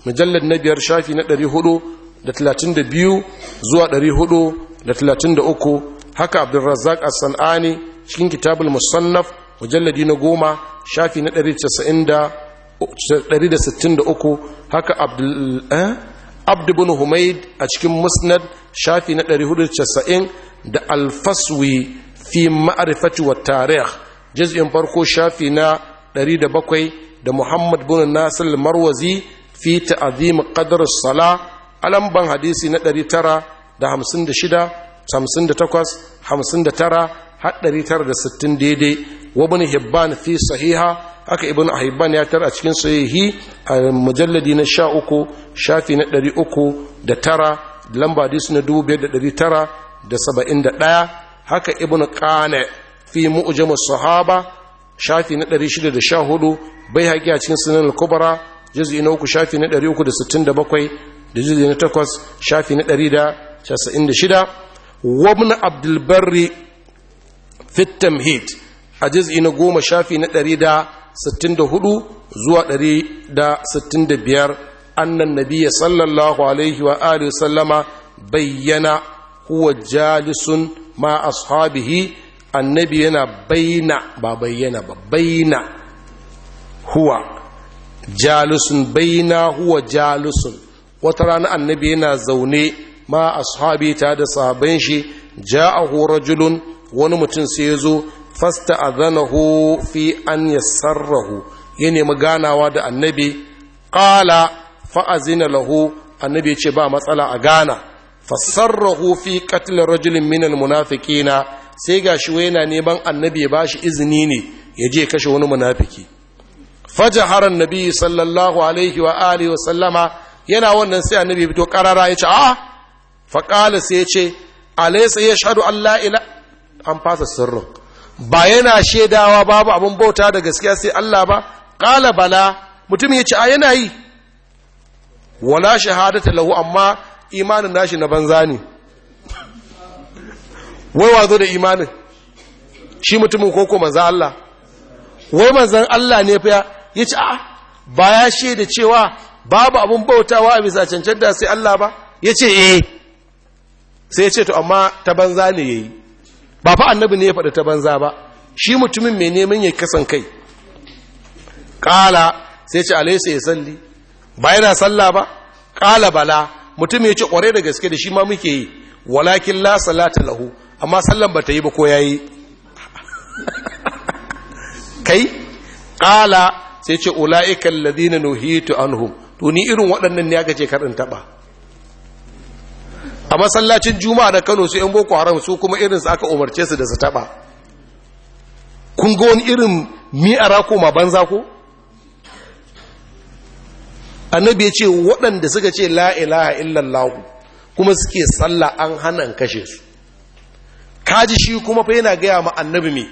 mujallad na biyar shafi na 432 zuwa 400 da 33 haka abdulrazzaq as-sanani cikin kitabul musannaf mujalladi na goma shafi na 163 haka eh? abdu bin humaid a cikin musnad shafi na 490 da al-faswi fi ma'arifati wa tarih juz'in farko shafi na 107 da muhammad bin nasir marwazi fi ta'azim qadar sala alamban hadisi na 900 da hamsin da shida hamsin da takwas hamsin da tara haɗari tara da sittin daidai wabin hibban fi sahiha haka ibn ahibban ya tara a cikin sahihi a mujalladi na sha uku shafi na ɗari uku da tara lamba dis na dubu biyar da ɗari tara da saba'in da ɗaya haka ibn kane fi mu'jamu sahaba shafi na ɗari shida da sha hudu bai haƙi a cikin sunan al-kubra juz'i na uku shafi na ɗari uku da sittin da bakwai da juz'i na takwas shafi na ɗari da 96 wabna abdulbarri fitam hit a jiz'i na goma shafi na 164 zuwa 165 annan nabiya sallallahu alaihi wa alihi sallama bayyana huwa jalisun ma ashabihi annabi yana bayyana ba bayyana ba bayyana huwa jalisun bayyana huwa jalisun wata rana annabi yana zaune ma ashabi ta da sabon shi ja a rajulun wani mutum sai ya zo fasta adhanahu fi an yassarrahu ya nemi ganawa da annabi ƙala fa'azina lahu annabi ce ba matsala a gana fassarrahu fi qatl rajulin min almunafiqina sai gashi wai yana neman annabi ya shi izini ne ya je kashe wani munafiki fajahara annabi sallallahu alaihi wa alihi wa sallama yana wannan sai annabi fito karara ya ce a'a ah, faƙala sai ya ce alaisa ya shaɗu Allah ila an fasa sirrin ba yana shaidawa babu abin bauta da gaskiya sai Allah ba ƙala bala mutum ya ce a yana yi wala shahadata lahu amma imanin nashi na banza ne [LAUGHS] wai wazo da imanin shi mutumin koko manzan Allah wai manzan Allah ne fiya? ya ce a ba ya shaida cewa babu abin bautawa a bisa cancanta sai Allah ba ya ce eh sai ya ce to amma ta banza ne yayi ba fa annabi ne ya faɗi ta banza ba shi mutumin mai neman ya kasan kai kala sai ce alaysa ya salli ba yana sallah ba kala bala mutum ya ce kware da gaske da shi ma muke yi walakin la salata lahu amma sallan ba ta yi ba ko yayi [LAUGHS] kai kala sai ce ulaika alladhina nuhitu anhum to ni irin waɗannan ne aka ce karin taba a masallacin juma'a da kano su yan boko haram su kuma irinsu aka umarce su da su taɓa kun ga wani irin mi'ara ko ma banza ko annabi ya ce waɗanda suka ce la ilaha illallahu kuma suke tsalla an hana kashe su kaji shi kuma fa yana gaya ma annabi mai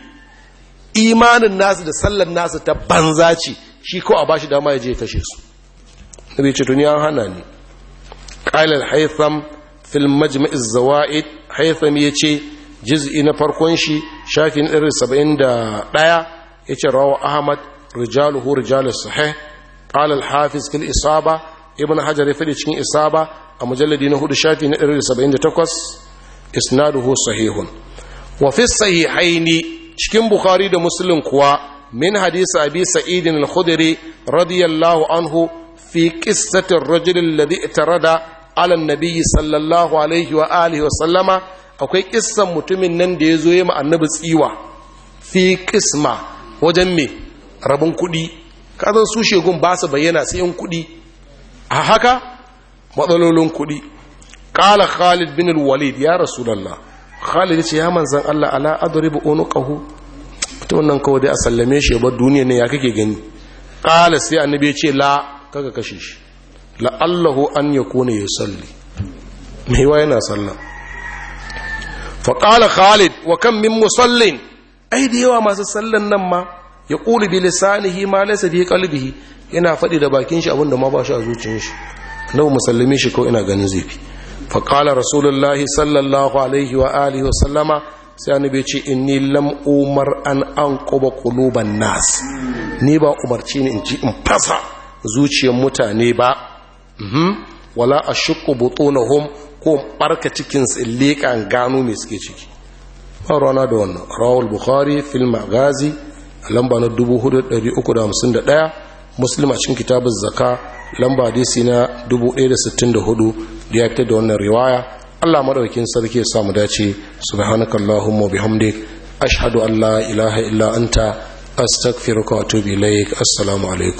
imanin nasu da sallar nasu ta banza ce shi ko a ba shi dama ya je kashe su annabi ya ce tuni hana ne haitham fil majma'iz zawaid haitham yace juz'i na farkon shi shafin 71 yace rawa ahmad rijaluhu rijalus sahih qala al hafiz fil isaba ibn hajar fi cikin isaba a mujalladi na hudu shafi na 178 isnaduhu sahihun wa fi sahihaini cikin bukhari da muslim kuwa min hadisi abi sa'id al-khudri radiyallahu anhu fi qissati ar-rajul alladhi tarada ala nabi sallallahu alaihi wa alihi wa sallama akwai kissan mutumin nan da ya zo yi ma'annabi tsiwa fi kisma wajen me rabin kuɗi kazan su shegun ba su bayyana sai yin kuɗi a haka matsalolin kuɗi Kala khalid bin walid ya rasu lalla. khalid ce ya manzan allah ala onu kahu mutumin nan kawai dai a sallame shi ba duniya ne ya kake gani Khalid sai annabi ya ce la kaga kashe shi la'allahu an ya kone ya salli mai wa yana sallah faƙala khalid wa kan min musallin ai da yawa masu sallan nan ma ya ƙuli bi lisanihi ma laysa bi qalbihi yana faɗi da bakin shi abinda ma ba shi a zuciyar shi nau musallimi shi ko ina ganin zai fi faƙala rasulullahi sallallahu alaihi wa alihi wa sallama sai annabi ce inni lam umar an anquba quluban nas ni ba umarci ni in ji in fasa zuciyar mutane ba Mhm. wala a shukku butunahum ko barka cikin leƙan gano mai suke ciki ba rana da wannan rawul bukhari fil magazi lamba na 4351 muslim a cikin kitabun zaka lamba hadisi na 1064 da ya fitar da wannan riwaya Allah maɗaukin sarki ya samu dace subhanakallahumma bihamdik ashhadu an la ilaha illa anta astaghfiruka wa atubu ilaik assalamu alaikum